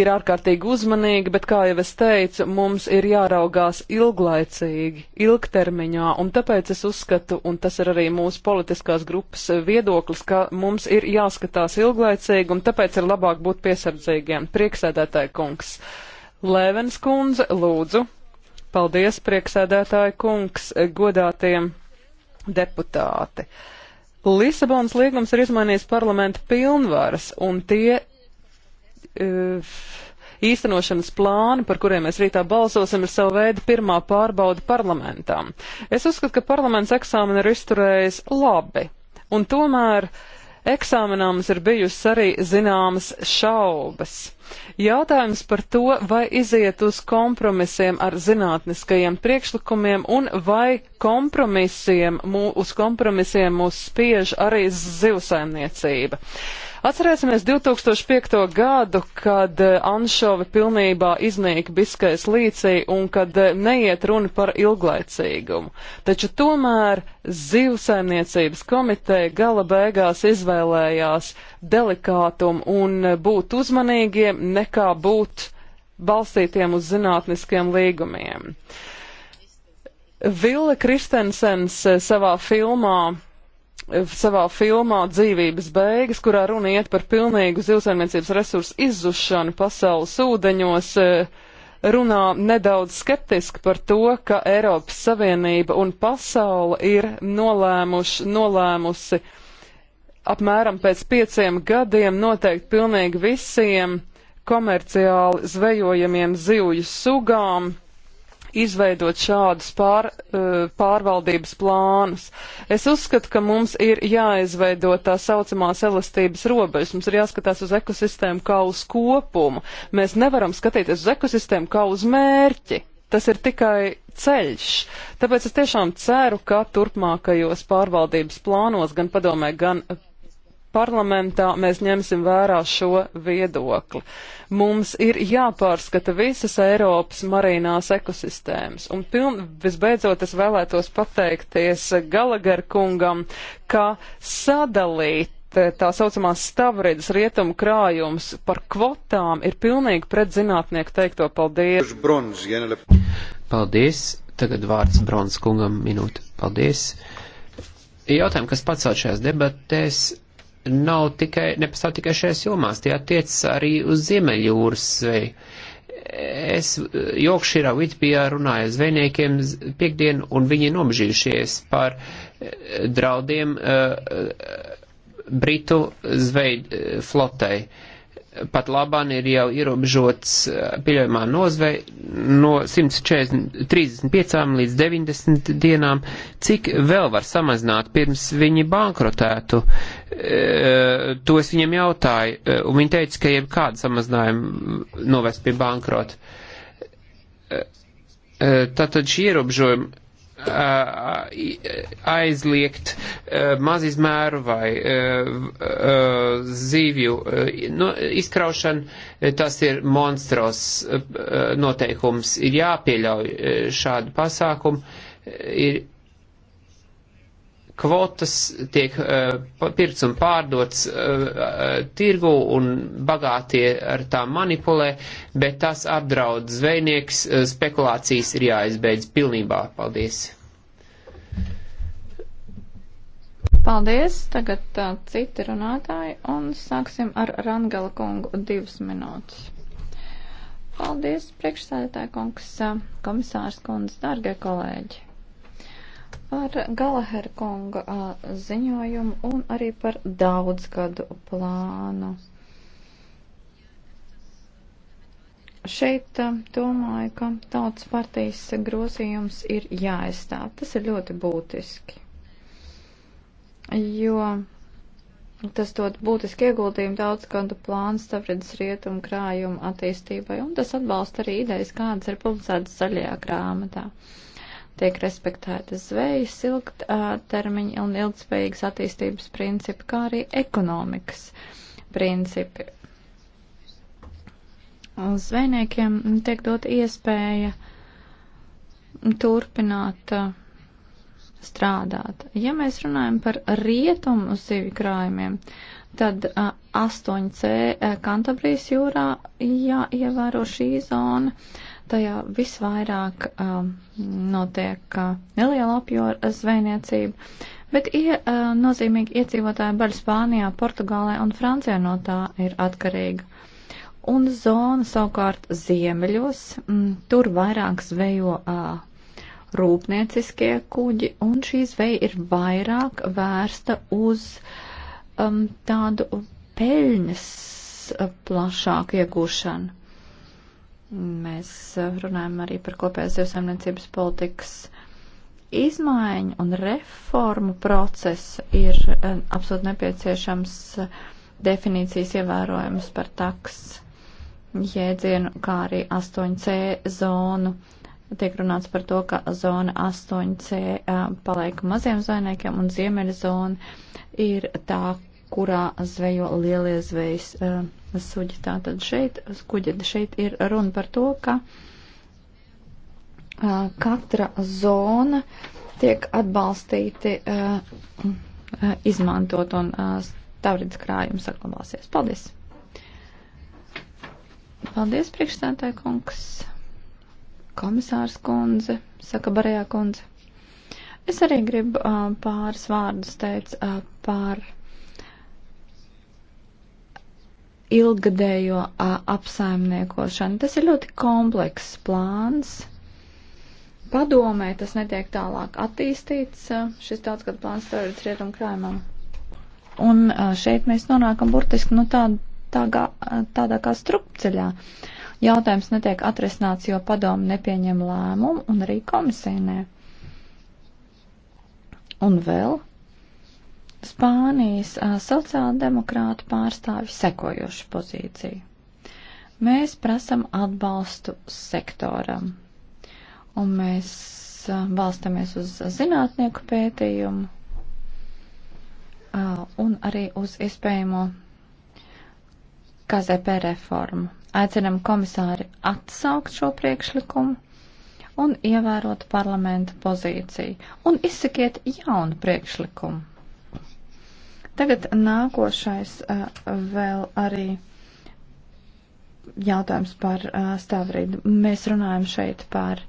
ir ārkārtīgi uzmanīga, bet, kā jau es teicu, mums ir jāraugās ilglaicīgi, ilgtermiņā, un tāpēc es uzskatu, un tas ir arī mūsu politiskās grupas viedoklis, ka mums ir jāskatās ilglaicīgi, un tāpēc ir labāk būt piesardzīgiem. Prieksēdētāji kungs. Lēvens kundze, lūdzu. Paldies, prieksēdētāji kungs, godātiem deputāti. Lisabonas līgums ir izmainījis parlamenta pilnvaras, un tie uh, īstenošanas plāni, par kuriem mēs rītā balsosim, ir savu veidu pirmā pārbauda parlamentām. Es uzskatu, ka parlaments eksāmenu ir izturējis labi, un tomēr uh, Eksāmenāms ir bijusi arī zināmas šaubas. Jautājums par to, vai iziet uz kompromisiem ar zinātniskajiem priekšlikumiem un vai kompromisiem, mū, uz kompromisiem mūs spiež arī zivsaimniecība. Uh, Atcerēsimies 2005. gadu, kad eh, anšovi pilnībā iznīka Biskais līcī un kad eh, neiet runa par ilglaicīgumu. Taču tomēr zivsaimniecības komiteja gala beigās izvēlējās delikātumu un eh, būt uzmanīgiem nekā būt balstītiem uz zinātniskiem līgumiem. Ville Kristensens savā filmā savā filmā Dzīvības beigas, kurā runa iet par pilnīgu zivsaimniecības resursu izzušanu pasaules ūdeņos, e, runā nedaudz skeptiski par to, ka Eiropas Savienība un pasaule ir nolēmuš, nolēmusi apmēram pēc pieciem gadiem noteikt pilnīgi visiem komerciāli zvejojamiem zivju sugām izveidot šādus pār, uh, pārvaldības plānus. Es uzskatu, ka mums ir jāizveido tā saucamās elastības robežas. Mums ir jāskatās uz ekosistēmu kā uz kopumu. Mēs nevaram skatīties uz ekosistēmu kā uz mērķi. Tas ir tikai ceļš. Tāpēc es tiešām ceru, ka turpmākajos pārvaldības plānos gan padomē, gan parlamentā mēs ņemsim vērā šo viedokli. Mums ir jāpārskata visas Eiropas marīnās ekosistēmas. Un piln, visbeidzot es vēlētos pateikties Galagar kungam, ka sadalīt eh, tā saucamās stavridas rietumu krājums par kvotām ir pilnīgi pret zinātnieku teikto paldies. Paldies. Tagad vārds Brons kungam minūte. Paldies. Jautājumi, kas pacēl šajās debatēs, nav tikai, nepastāv tikai šajās jomās, tie attiec arī uz Ziemeļjūras sveju. Es Jokšīrā Vitbijā runāju zvejniekiem piekdien, un viņi nobežījušies par eh, draudiem uh, Britu zveju flotei. Uh, pat labāk ir jau ierobežots eh, pieļaujamā nozvei no 135 līdz 90 dienām, cik vēl var samazināt pirms viņi bankrotētu. E, to es viņiem jautāju, eh, un viņi teica, ka jebkāda samazinājuma novest pie bankrota. E, tātad šī ierobežojuma Uh, uh, aizliegt uh, mazizmēru vai zīvju nu, izkraušanu, tas ir monstros noteikums. Ir jāpieļauj šādu pasākumu, ir kvotas tiek uh, pirts un pārdots uh, uh, tirgu un bagātie ar tā manipulē, bet tas apdraud zvejnieks, uh, spekulācijas ir jāizbeidz pilnībā. Paldies! Paldies! Tagad tā, citi runātāji un sāksim ar Rangela kungu divas minūtes. Paldies, priekšsēdētāji kungs, komisārs kundze, dārgie kolēģi! par Galahera konga ziņojumu un arī par daudzgadu plānu. Šeit domāju, ka tautas partijas grozījums ir jāaizstāv. Tas ir ļoti būtiski, jo tas dod būtiski ieguldījumu daudzgadu plānu Stavridas rietumu krājumu attīstībai, un tas atbalsta arī idejas, kādas ir publicētas zaļajā grāmatā. Uh, tiek respektētas zvejas, ilgtermiņa un ilgspējīgas attīstības principi, kā arī ekonomikas principi. Uz zvejniekiem tiek dot iespēja turpināt uh, strādāt. Ja mēs runājam par rietumu zivju krājumiem, tad 8C uh, uh, Kantabrijas jūrā jāievēro šī zona tajā visvairāk um, notiek uh, neliela apjora zvejniecība, bet ie, uh, nozīmīgi iedzīvotāji baļ Spānijā, Portugālē un Francijā no tā ir atkarīga. Un zona savukārt ziemeļos, mm, tur vairāk zvejo uh, rūpnieciskie kuģi, un šī zveja ir vairāk vērsta uz um, tādu peļņas uh, plašāku iegūšanu. Mēs eh, runājam arī par kopējās zivsaimniecības politikas izmaiņu un reformu procesu ir eh, absolūti nepieciešams eh, definīcijas ievērojums par taks jēdzienu, kā arī 8C zonu. Tiek runāts par to, ka zona 8C paliek maziem zvainiekiem un ziemeļa zona ir tā, kurā zvejo lielie zvejas uh, suģi. Tātad šeit, kuģi, šeit ir runa par to, ka uh, katra zona tiek atbalstīti uh, uh, izmantot un uh, tavrītas krājums saglabāsies. Paldies! Paldies, priekšstādātāja kungs, komisārs kundze, saka Barējā kundze. Es arī gribu uh, pāris vārdus teikt uh, par ilgadējo a, apsaimniekošanu. Tas ir ļoti komplekss plāns. Padomē tas netiek tālāk attīstīts, a, šis daudzgad plāns teorētiski rietumkrājumam. Un a, šeit mēs nonākam burtiski nu, tā, tā, tādā kā strupceļā. Jautājums netiek atrisināts, jo padomu nepieņem lēmumu un arī komisija nē. Un vēl Spānijas sociāldemokrāta pārstāvi sekojošu pozīciju. Mēs prasam atbalstu sektoram, un mēs balstamies uz zinātnieku pētījumu un arī uz iespējamo KZP reformu. Aicinam komisāri atsaukt šo priekšlikumu un ievērot parlamenta pozīciju un izsakiet jaunu priekšlikumu. Tagad nākošais uh, vēl arī jautājums par uh, stāvrību. Mēs runājam šeit par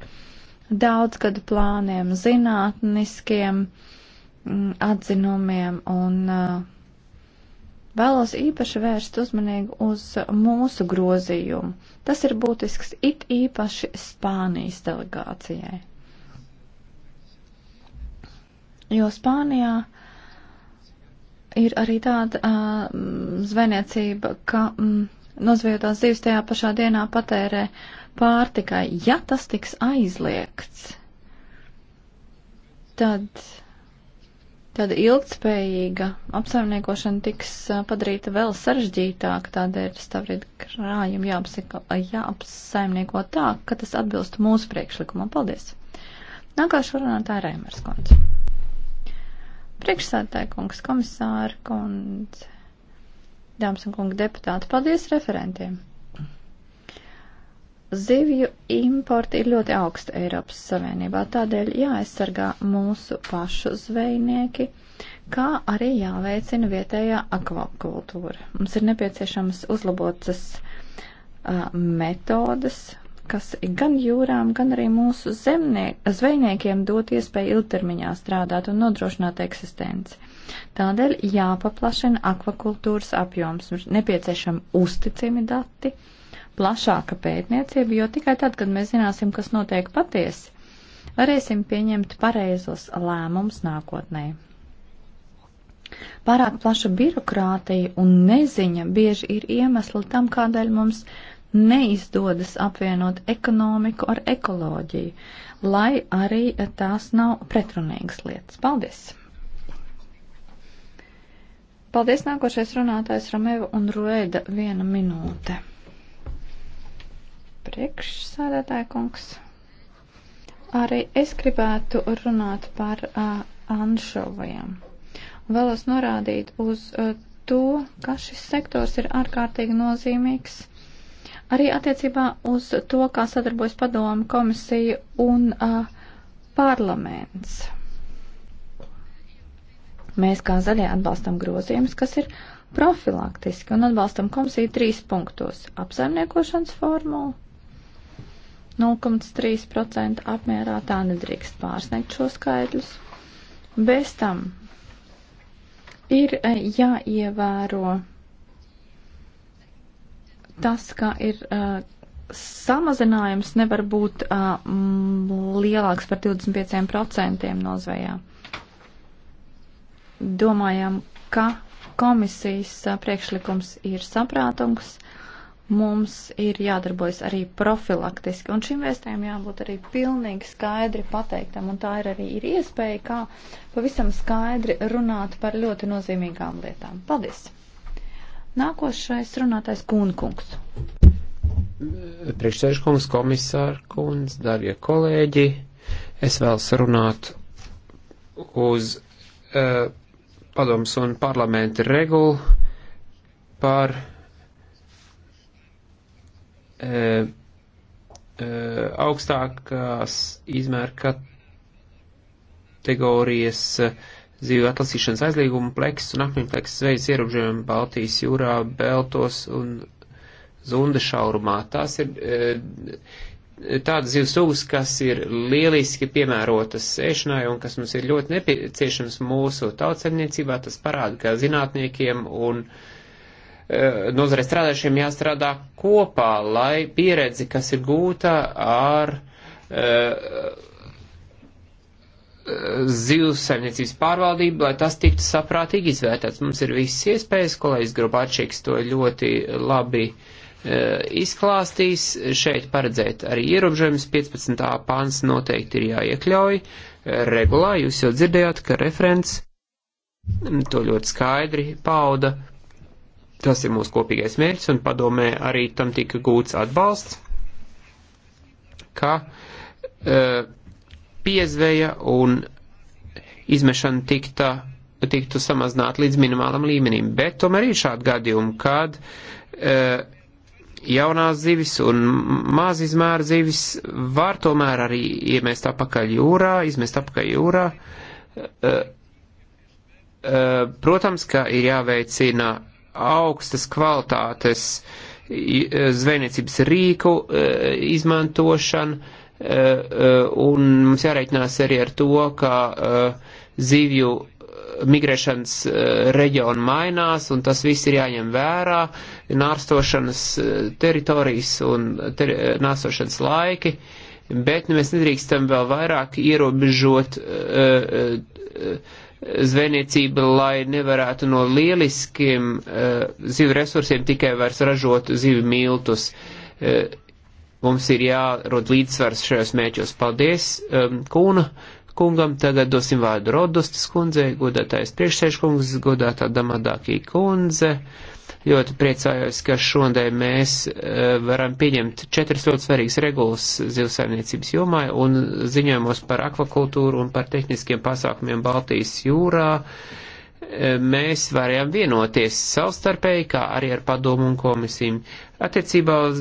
daudzgadu plāniem, zinātniskiem mm, atzinumiem un uh, vēlos īpaši vērst uzmanību uz mūsu grozījumu. Tas ir būtisks it īpaši Spānijas delegācijai. Jo Spānijā uh, ir arī tāda uh, zvejniecība, ka mm, nozviedās dzīves tajā pašā dienā patērē pārtikai. Ja tas tiks aizliegts, tad tāda ilgtspējīga apsaimniekošana tiks padarīta vēl sarežģītāka, tādēļ stāvrīt krājumi jāapsaimnieko tā, ka tas atbilst mūsu priekšlikumam. Paldies! Nākošais runātāja Rēmers Konts. Priekšsēdētāji kungs, komisāri kundze, dāmas un kungi deputāti, paldies referentiem! Zivju importi ir ļoti augsti Eiropas Savienībā, tādēļ jāaizsargā mūsu pašu zvejnieki, kā arī jāveicina vietējā akvakultūra. Mums ir nepieciešams uzlabotas uh, metodas, kas gan jūrām, gan arī mūsu zemnie, zvejniekiem dot iespēju ilgtermiņā strādāt un nodrošināt eksistenci. Tādēļ jāpaplašina akvakultūras apjoms, nepieciešami uzticami dati, plašāka pētniecība, jo tikai tad, kad mēs zināsim, kas notiek patiesi, varēsim pieņemt pareizos lēmumus nākotnē. Pārāk plaša birokrātija un neziņa bieži ir iemesli tam, kādēļ mums neizdodas apvienot ekonomiku ar ekoloģiju, lai arī tās nav pretrunīgas lietas. Paldies! Paldies nākošais runātājs Romeva un Rueda viena minūte. Priekšsādātāja kungs. Arī es gribētu runāt par uh, anšoviem. Vēlos norādīt uz uh, to, ka šis sektors ir ārkārtīgi nozīmīgs Arī attiecībā uz to, kā sadarbojas padomu komisija un uh, parlaments. Mēs kā zaļie atbalstam grozījumus, kas ir profilaktiski un atbalstam komisiju trīs punktos - apsaimniekošanas formulu, 0,3% apmērā tā nedrīkst pārsniegt šo skaitļus. Bez tam ir jāievēro tas, ka ir uh, samazinājums, nevar būt uh, lielāks par 25% no zvejā. Domājam, ka komisijas uh, priekšlikums ir saprātums. Mums ir jādarbojas arī profilaktiski, un šim vēstējumam jābūt arī pilnīgi skaidri pateiktam, un tā ir arī ir iespēja, kā pavisam skaidri runāt par ļoti nozīmīgām lietām. Paldies! Nākošais runātais Kūnkungs. Priekšsēžkungs, komisāra kundz, darbie kolēģi, es vēlos runāt uz uh, eh, padoms un parlamenta regulu par uh, uh, augstākās izmēra kategorijas uh, zīvju atlasīšanas aizliegumu, pleksus un akmeņpleksus zvejas ierobežojumi Baltijas jūrā, Beltos un Zunda šaurumā. Tās ir e, tādas zivs sugas, kas ir lieliski piemērotas ēšanai un kas mums ir ļoti nepieciešams mūsu tautsemniecībā. Tas parāda, ka zinātniekiem un e, nozarē strādājušiem jāstrādā kopā, lai pieredzi, kas ir gūta ar e, zivsaimniecības pārvaldību, lai tas tiktu saprātīgi izvērtēts. Mums ir visas iespējas, kolēģis Grubāčiks to ļoti labi uh, izklāstīs. Šeit paredzēt arī ierobežojums 15. pāns noteikti ir jāiekļauj regulā. Jūs jau dzirdējāt, ka referents to ļoti skaidri pauda. Tas ir mūsu kopīgais mērķis un padomē arī tam tika gūts atbalsts, ka uh, piezveja un izmešana tikta, tiktu samazināt līdz minimālam līmenim. Bet tomēr ir šādi gadījumi, kad e, jaunās zivis un maz izmēra zivis var tomēr arī iemest apakaļ jūrā, izmest apakaļ jūrā. E, e protams, ka ir jāveicina augstas kvalitātes e, zvejniecības rīku e, izmantošana, Eh, eh, un mums jāreikinās arī ar to, ka eh, zivju migrēšanas reģioni mainās, un tas viss ir jāņem vērā, nārstošanas teritorijas un ter, nārstošanas laiki, bet mēs nedrīkstam vēl vairāk ierobežot zvejniecību, lai nevarētu no lieliskiem zivu resursiem tikai vairs ražot zivu miltus. Uh, Mums ir jārod līdzsvars šajos mēķos. Paldies, um, Kūna kungam. Tagad dosim vārdu Rodustas kundzei, godātais priekšsēžkungs, godātā Damadākī kundze. Ļoti priecājos, ka šodien mēs uh, varam pieņemt četras ļoti svarīgas regulas zivsaimniecības jomā un ziņojumos par akvakultūru un par tehniskiem pasākumiem Baltijas jūrā. Uh, mēs varējām vienoties savstarpēji, kā arī ar padomu un komisiju. Attiecībā uz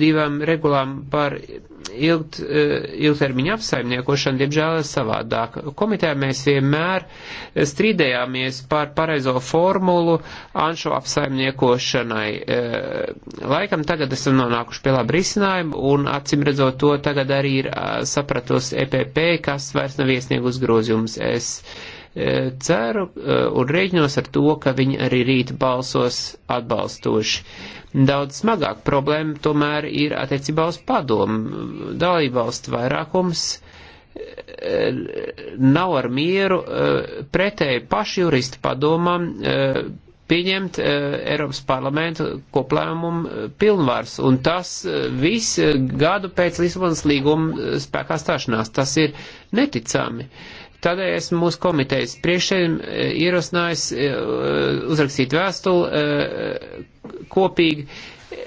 divām regulām par ilgt, eh, ilgtermiņa apsaimniekošanu, diemžēl, ir savādāk. Komitē mēs vienmēr strīdējāmies par pareizo formulu anšu apsaimniekošanai. Eh, laikam tagad esam nonākuši pie laba risinājuma, un acim redzot to tagad arī ir eh, sapratos EPP, kas vairs nav iesniegus grozījumus. Es Eh, ceru eh, un rēķinos ar to, ka viņi arī rīt balsos atbalstoši. Daudz smagāk problēma tomēr ir attiecībā uz padomu. Dalībvalstu vairākums eh, nav ar mieru pretēji pašu juristu padomam pieņemt uh, Eiropas parlamentu koplēmumu pilnvars, un tas uh, viss gadu pēc Lisabonas līguma spēkā stāšanās. Tas ir neticami. Uh, Tādēļ esmu mūsu komitejas priekšējiem eh, ierosinājis eh, uzrakstīt vēstuli eh, kopīgi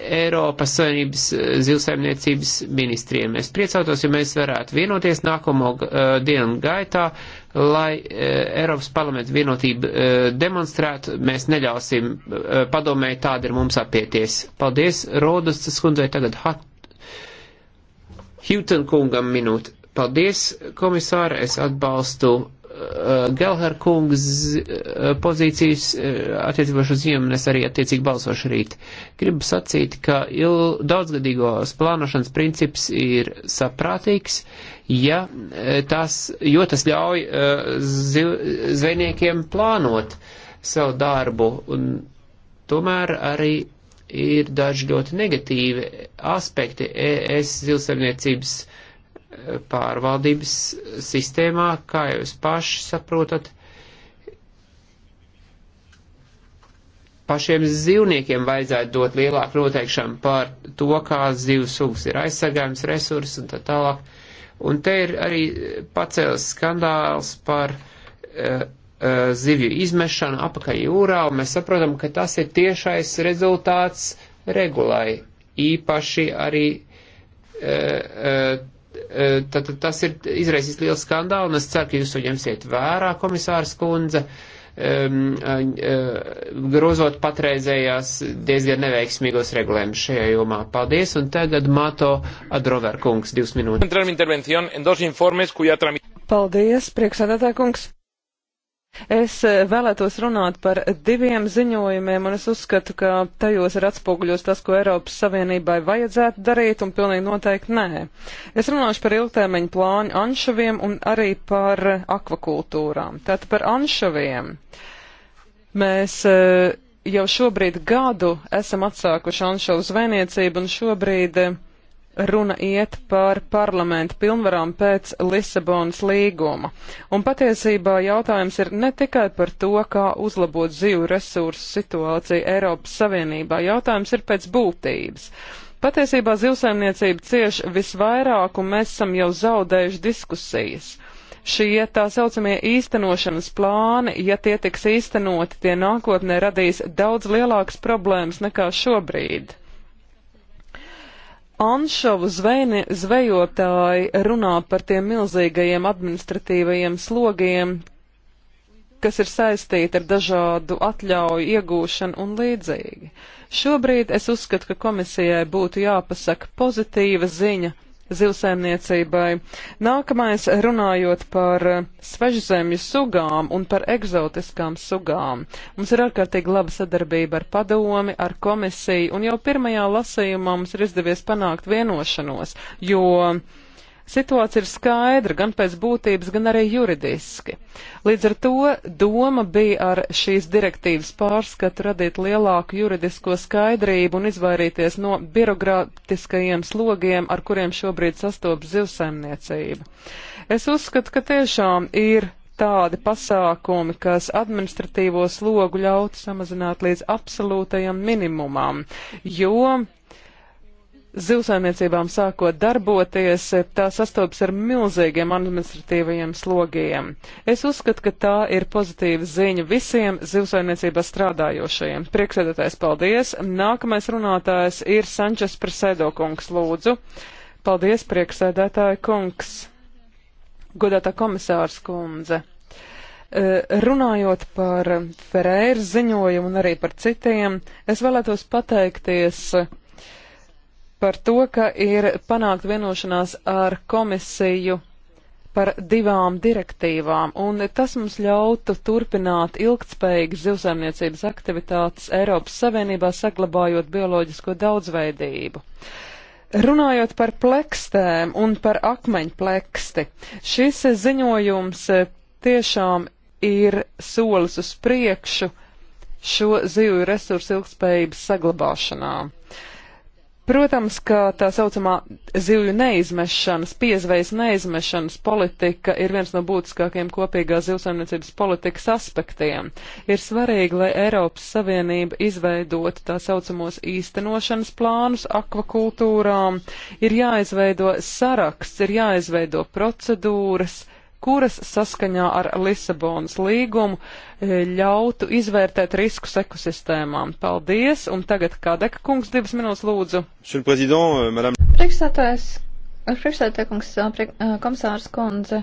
Eiropas Savienības zivsaimniecības ministriem. Es priecātos, ja mēs varētu vienoties nākamo uh, dienu gaitā, lai uh, Eiropas parlamenta vienotību uh, demonstrētu. Mēs neļausim uh, padomē tāda ir mums apieties. Paldies, Rodas skundzei tagad. Hat. Hilton kungam minūte. Paldies, komisāra, es atbalstu uh, Gelhar kungas uh, pozīcijas uh, attiecībā uz ziemu, un es arī attiecīgi balsošu rīt. Gribu sacīt, ka il, daudzgadīgos plānošanas princips ir saprātīgs, ja uh, tas, jo tas ļauj uh, ziv, zvejniekiem plānot savu darbu, un tomēr arī ir daži ļoti negatīvi aspekti ES zivsaimniecības. Uh, pārvaldības sistēmā, kā jūs paši saprotat, pašiem zivniekiem vajadzētu dot lielāku noteikšanu par to, kā zivs sugas ir aizsargājums, resursi un tā tālāk. Un te ir arī pacēlis skandāls par uh, uh, zivju izmešanu apakaļ jūrā, un mēs saprotam, ka tas ir tiešais rezultāts regulai, īpaši arī uh, uh, E, tad tas ir izraisījis lielu skandālu, un es ceru, ka jūs to ņemsiet vērā, komisārs Kundze, e, grozot patreizējās diezgan neveiksmīgos regulējumus šajā jomā. Paldies, un tagad Mato Adrover kungs, divas minūtes. Paldies, priekšsēdētāj kungs. Es eh, vēlētos runāt par diviem ziņojumiem, un es uzskatu, ka tajos ir atspoguļos tas, ko Eiropas Savienībai vajadzētu darīt, un pilnīgi noteikti nē. Es runāšu par ilgtermiņu plānu anšaviem un arī par eh, akvakultūrām. Tātad par anšaviem. Mēs eh, jau šobrīd gadu esam atsākuši anšavu zvejniecību, un šobrīd runa iet par parlamentu pilnvarām pēc Lisabonas līguma. Un patiesībā jautājums ir ne tikai par to, kā uzlabot zīvu resursu situāciju Eiropas Savienībā, jautājums ir pēc būtības. Patiesībā zivsaimniecība cieš visvairāk, un mēs esam jau zaudējuši diskusijas. Šie tā saucamie īstenošanas plāni, ja tie tiks īstenoti, tie nākotnē radīs daudz lielākas problēmas nekā šobrīd. Anšovu zvejni, zvejotāji runā par tiem milzīgajiem administratīvajiem slogiem, kas ir saistīti ar dažādu atļauju iegūšanu un līdzīgi. Šobrīd es uzskatu, ka komisijai būtu jāpasaka pozitīva ziņa zivsēmniecībai. Nākamais runājot par eh, svežzemju sugām un par egzotiskām sugām. Mums ir ārkārtīgi laba sadarbība ar padomi, ar komisiju, un jau pirmajā lasījumā mums ir izdevies panākt vienošanos, jo Situācija ir skaidra gan pēc būtības, gan arī juridiski. Līdz ar to doma bija ar šīs direktīvas pārskatu radīt lielāku juridisko skaidrību un izvairīties no birokrātiskajiem slogiem, ar kuriem šobrīd sastopas zivsaimniecība. Es uzskatu, ka tiešām ir tādi pasākumi, kas administratīvo slogu ļautu samazināt līdz absolūtajam minimumam, jo zivsaimniecībām sākot darboties, tā sastopas ar milzīgiem administratīvajiem slogiem. Es uzskatu, ka tā ir pozitīva ziņa visiem zivsaimniecībā strādājošajiem. Prieksēdētājs paldies. Nākamais runātājs ir Sančes Presēdo kungs, lūdzu. Paldies, prieksēdētāja kungs. Godātā komisārs kundze. Eh, runājot par Ferēras ziņojumu un arī par citiem, es vēlētos pateikties uh, par to, ka ir panākt vienošanās ar komisiju par divām direktīvām, un tas mums ļautu turpināt ilgtspējīgas zivsaimniecības aktivitātes Eiropas Savienībā, saglabājot bioloģisko daudzveidību. Runājot par plekstēm un par akmeņpleksti, šis ziņojums tiešām ir solis uz priekšu šo zivju resursu ilgtspējības saglabāšanā. Protams, ka tā saucamā zivju neizmešanas, piezvejas neizmešanas politika ir viens no būtiskākajiem kopīgā zivsaimniecības politikas aspektiem. Ir svarīgi, lai Eiropas Savienība izveidot tā saucamos īstenošanas plānus akvakultūrām, ir jāizveido saraksts, ir jāizveido procedūras, kuras saskaņā ar Lisabonas līgumu eh, ļautu izvērtēt riskus ekosistēmām. Paldies, un tagad Kadeka kungs divas minūtes lūdzu. Euh, Priekšstādājs, priekšstādājkungs, priek, komisārs kundze,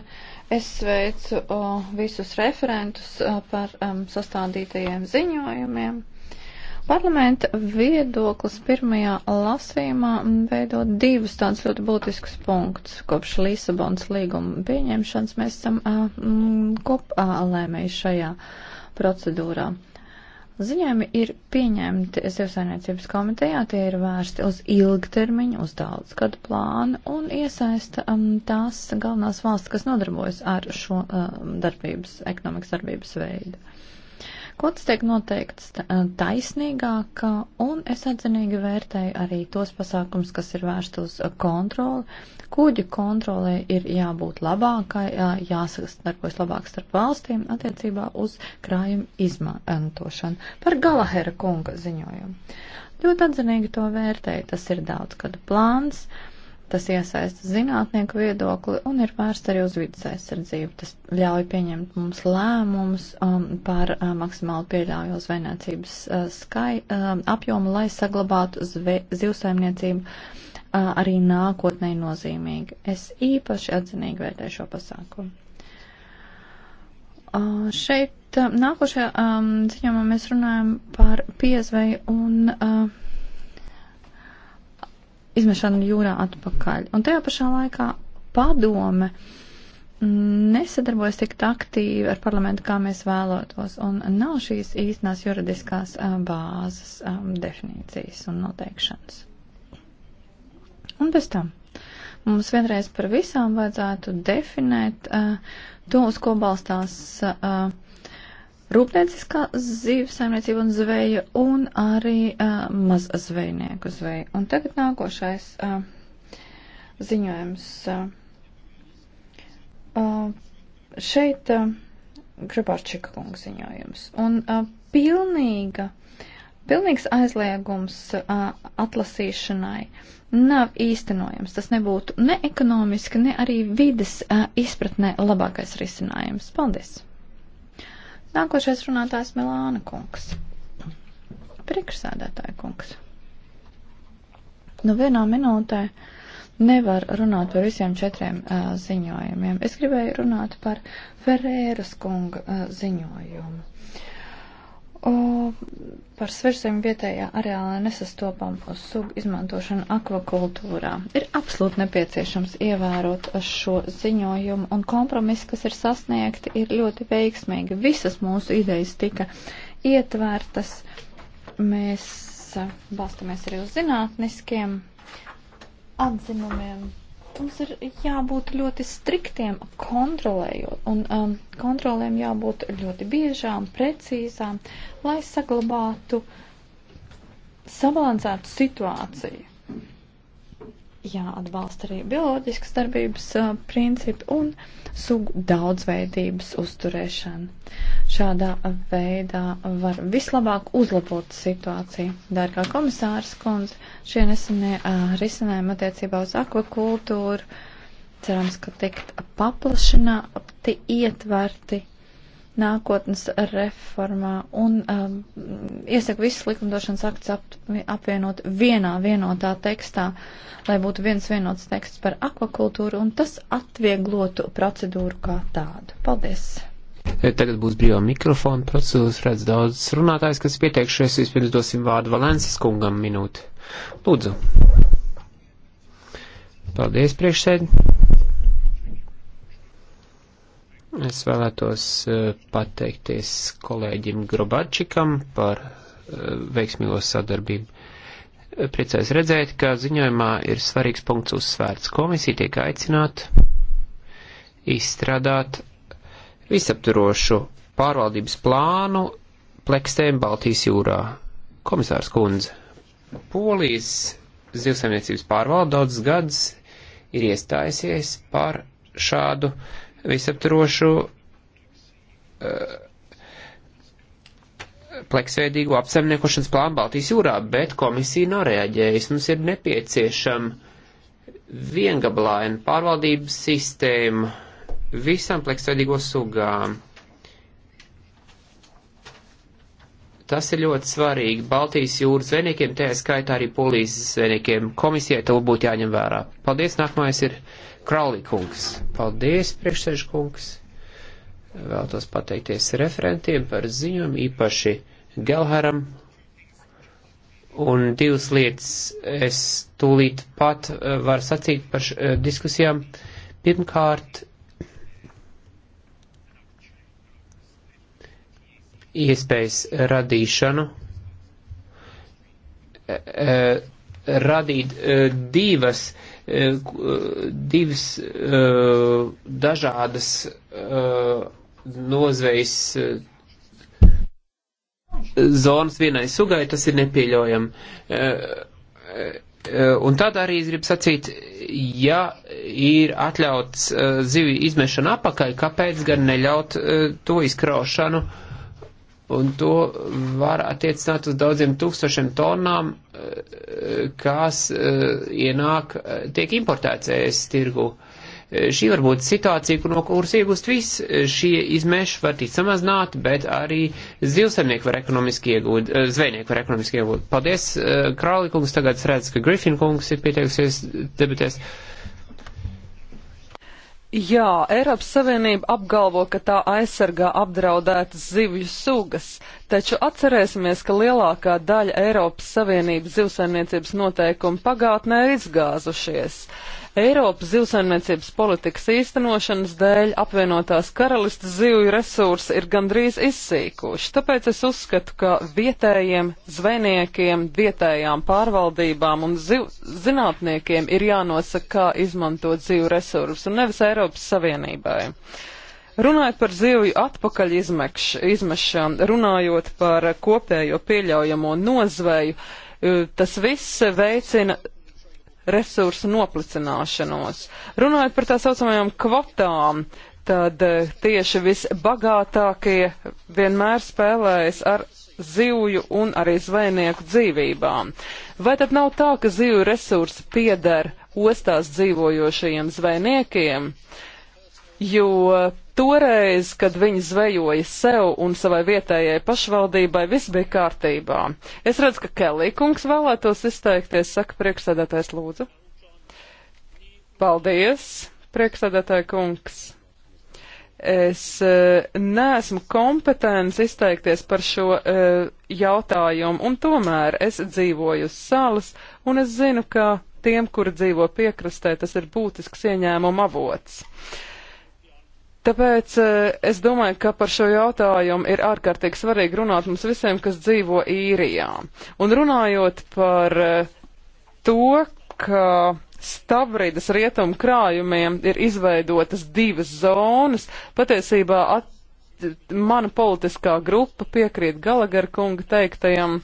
es sveicu o, visus referentus par um, sastādītajiem ziņojumiem. Parlamenta viedoklis pirmajā lasījumā veido divus tādus ļoti būtiskus punktus. Kopš Lisabonas līguma pieņemšanas mēs esam uh, mm, kopā lēmēji šajā procedūrā. Ziņojumi ir pieņemti Zivsainiecības komitejā, tie ir vērsti uz ilgtermiņu, uz daudz gadu plānu un iesaista um, tās galvenās valsts, kas nodarbojas ar šo uh, darbības, ekonomikas darbības veidu. Kvotas tiek noteikts eh, taisnīgāk, un es atzinīgi vērtēju arī tos pasākums, kas ir vērst uz kontroli. Kuģu kontrolē ir jābūt labākai, jāsadarbojas labāk starp valstīm attiecībā uz krājumu izmantošanu. Par Galahera kunga ziņojumu. Ļoti atzinīgi to vērtēju, tas ir daudz gadu plāns. Uh, Tas iesaista zinātnieku viedokli un ir vērsts arī uz vidas aizsardzību. Tas ļauj pieņemt mums lēmumus um, par uh, maksimāli pieļaujos zvejniecības uh, skai, uh, apjomu, lai saglabātu zve, zivsaimniecību uh, arī nākotnē nozīmīgi. Es īpaši atzinīgi vērtēju šo pasākumu. Uh, šeit uh, nākošajā um, ziņā mēs runājam par piezveju un. Uh, izmešanu jūrā atpakaļ. Un tajā pašā laikā padome nesadarbojas tik aktīvi ar parlamentu, kā mēs vēlētos, un nav šīs īstenās juridiskās bāzes um, definīcijas un noteikšanas. Un bez tam mums vienreiz par visām vajadzētu definēt uh, to, uz ko balstās uh, rūpnieciskā zīvesaimniecība un zveja un arī uh, mazzvejnieku zveja. Un tagad nākošais uh, ziņojums. Uh, šeit uh, Grabārčika kungs ziņojums. Un uh, pilnīga, pilnīgs aizliegums uh, atlasīšanai nav īstenojams. Tas nebūtu ne ekonomiski, ne arī vides uh, izpratnē labākais risinājums. Paldies! Nākošais runātājs Milāna kungs. Priekšsēdētāja kungs. Nu, vienā minūtē nevar runāt par visiem četriem uh, ziņojumiem. Es gribēju runāt par Ferēras kunga uh, ziņojumu. O, par svešiem vietējā areālā nesastopamo sugu izmantošanu akvakultūrā. Ir absolūti nepieciešams ievērot šo ziņojumu, un kompromiss, kas ir sasniegti, ir ļoti veiksmīgi. Visas mūsu idejas tika ietvērtas. Mēs balstamies arī uz zinātniskiem atzinumiem Mums ir jābūt ļoti striktiem kontrolējot, un um, kontrolēm jābūt ļoti biežām, precīzām, lai saglabātu sabalansētu situāciju jāatbalsta arī bioloģiskas darbības uh, principi un sugu daudzveidības uzturēšana. Šādā veidā var vislabāk uzlabot situāciju. Dārgā komisārs kundze, šie nesenie uh, risinājumi attiecībā uz akvakultūru cerams, ka tikt paplašināti, ietverti nākotnes reformā un um, iesaku visas likumdošanas aktus ap, apvienot vienā vienotā tekstā, lai būtu viens vienots teksts par akvakultūru un tas atvieglotu procedūru kā tādu. Paldies! E, tagad būs brīvā mikrofona procedūras, redz daudz runātājs, kas pieteikšies. Vispirms dosim vārdu Valences kungam minūti. Lūdzu. Paldies, priekšsēdi. Es vēlētos eh, pateikties kolēģim Grobačikam par eh, veiksmīgo sadarbību. Eh, priecājos redzēt, ka ziņojumā ir svarīgs punkts uzsvērts. Komisija tiek aicināta izstrādāt visapturošu pārvaldības plānu plekstēm Baltijas jūrā. Komisārs Kundze, Polijas zivsaimniecības pārvalda daudz gadus ir iestājusies par šādu uh, visaptrošu uh, pleksveidīgu apsaimniekošanas plānu Baltijas jūrā, bet komisija nav reaģējusi. Mums ir nepieciešama viengablaina pārvaldības sistēma visām pleksveidīgo sugām. Tas ir ļoti svarīgi Baltijas jūras zvejniekiem, tā skaitā arī polijas zvejniekiem. Komisijai to būtu jāņem vērā. Paldies, nākamais ir Kraulīkungs. Paldies, priekšsēžkungs. Vēlos pateikties referentiem par ziņojumu, īpaši Gelharam. Un divas lietas es tūlīt pat eh, varu sacīt par š, eh, diskusijām. Pirmkārt, iespējas radīšanu, eh, radīt divas E, e, divas e, dažādas nozvejas zonas vienai sugai, tas ir nepieļojami. Un tad arī es gribu sacīt, ja ir atļauts zivju izmešana apakaļ, kāpēc gan neļaut to izkraušanu uh, un to var attiecināt uz daudziem tūkstošiem tonām, eh, kas eh, ienāk, eh, tiek importēts ēst tirgu. Šī var būt situācija, no kuras iegūst viss, šie izmeši var tikt samazināti, bet arī zivsarnieki var ekonomiski iegūt, zvejnieki var ekonomiski iegūt. Paldies, Krālikungs, tagad redz, ka Griffin kungs ir pieteikusies debatēs. Uh, Jā, Eiropas Savienība apgalvo, ka tā aizsargā apdraudētas zivju sugas, Taču atcerēsimies, ka lielākā daļa Eiropas Savienības zivsaimniecības noteikumu pagātnē ir izgāzušies. Eiropas zivsaimniecības politikas īstenošanas dēļ apvienotās karalistas zivju resursi ir gandrīz izsīkuši, tāpēc es uzskatu, ka vietējiem zvejniekiem, vietējām pārvaldībām un ziv, zinātniekiem ir jānosaka, kā izmantot zivju resursus un nevis Eiropas Savienībai. Runājot par zivju atpakaļ izmekš, izmešanu, runājot par kopējo pieļaujamo nozveju, e, tas viss veicina resursu noplicināšanos. Runājot par tā saucamajām kvotām, tad e, tieši visbagātākie vienmēr spēlējas ar zivju un arī zvejnieku dzīvībām. Vai tad nav tā, ka zivju resursi pieder ostās dzīvojošajiem zvejniekiem? Jo Toreiz, kad viņi zvejoja sev un savai vietējai pašvaldībai, viss bija kārtībā. Es redzu, ka Kelīkungs vēlētos izteikties, saka priekšsēdētājs lūdzu. Paldies, priekšsēdētāja kungs. Es eh, neesmu kompetents izteikties par šo eh, jautājumu, un tomēr es dzīvoju uz salas, un es zinu, ka tiem, kuri dzīvo piekrastē, tas ir būtisks ieņēmuma avots. Uh, Tāpēc eh, es domāju, ka par šo jautājumu ir ārkārtīgi svarīgi runāt mums visiem, kas dzīvo īrijā. Un runājot par eh, to, ka Stavridas rietumu krājumiem ir izveidotas divas zonas, patiesībā at, mana politiskā grupa piekrīt Galagara kunga teiktajam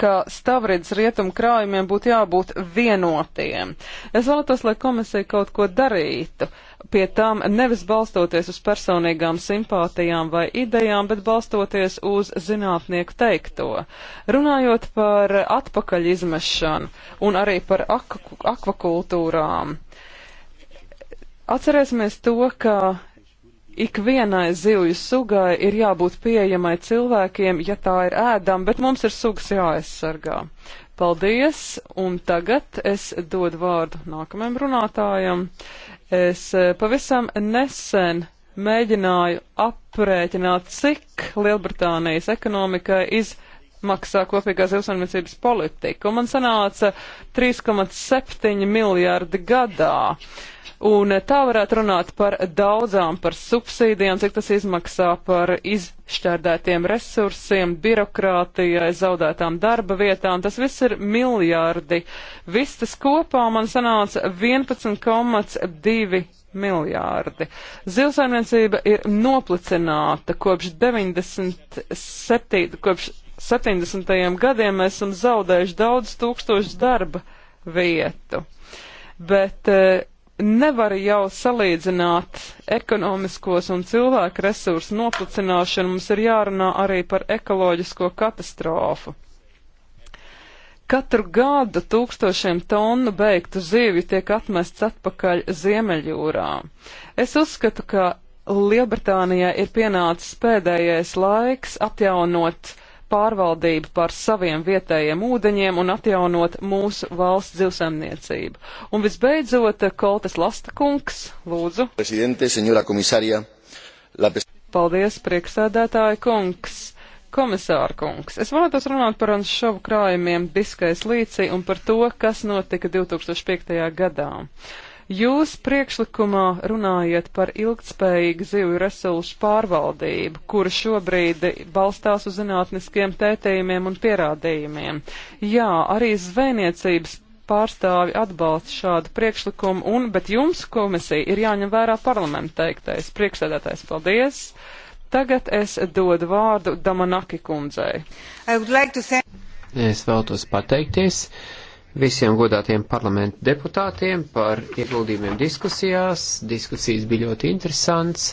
ka stavrids rietumu krājumiem būtu jābūt vienotiem. Es vēlētos, lai komisija kaut ko darītu. Pie tām nevis balstoties uz personīgām simpātijām vai idejām, bet balstoties uz zinātnieku teikto. Runājot par atpakaļ izmešanu un arī par ak akvakultūrām. Atcerēsimies to, ka ikvienai zivju sugai ir jābūt pieejamai cilvēkiem, ja tā ir ēdama, bet mums ir sugas jāaizsargā. Paldies, un tagad es dodu vārdu nākamajam runātājam. Es eh, pavisam nesen mēģināju aprēķināt, cik Lielbritānijas ekonomikai iz maksā kopīgās zivsaimniecības politika. Un man sanāca 3,7 miljārdi gadā. Un eh, tā varētu runāt par daudzām, par subsīdijām, cik tas izmaksā par izšķērdētiem resursiem, birokrātijai, zaudētām darba vietām. Tas viss ir miljārdi. Viss tas kopā man sanāca 11,2 miljārdi. Zivsaimniecība ir noplicināta kopš 97, kopš 70. gadiem mēs esam zaudējuši daudz tūkstošus darba vietu. Bet e, nevar jau salīdzināt ekonomiskos un cilvēku resursu noplicināšanu, mums ir jārunā arī par ekoloģisko katastrofu. Katru gadu tūkstošiem tonu beigtu zivju tiek atmests atpakaļ Ziemeļjūrā. Es uzskatu, ka Lielbritānijai ir pienācis pēdējais laiks atjaunot uh, pārvaldību pār saviem vietējiem ūdeņiem un atjaunot mūsu valsts dzīvsemniecību. Un visbeidzot, Koltes Lastakungs, lūdzu. Paldies, priekšsēdētāja kungs. Komisāra kungs, es vēlētos runāt par anšovu krājumiem Biskais līcī un par to, kas notika 2005. gadā. Jūs priekšlikumā runājat par ilgtspējīgu zivju resursu pārvaldību, kura šobrīd balstās uz zinātniskiem pētījumiem un pierādījumiem. Jā, arī zvejniecības pārstāvi atbalsta šādu priekšlikumu, un, bet jums komisija ir jāņem vērā parlamenta teiktais. Priekšsēdētājs, paldies! Tagad es dodu vārdu Damanaki kundzei. Like say... Es vēlos pateikties. Uh, visiem godātiem parlamentu deputātiem par ieguldījumiem diskusijās. Diskusijas bija ļoti interesants.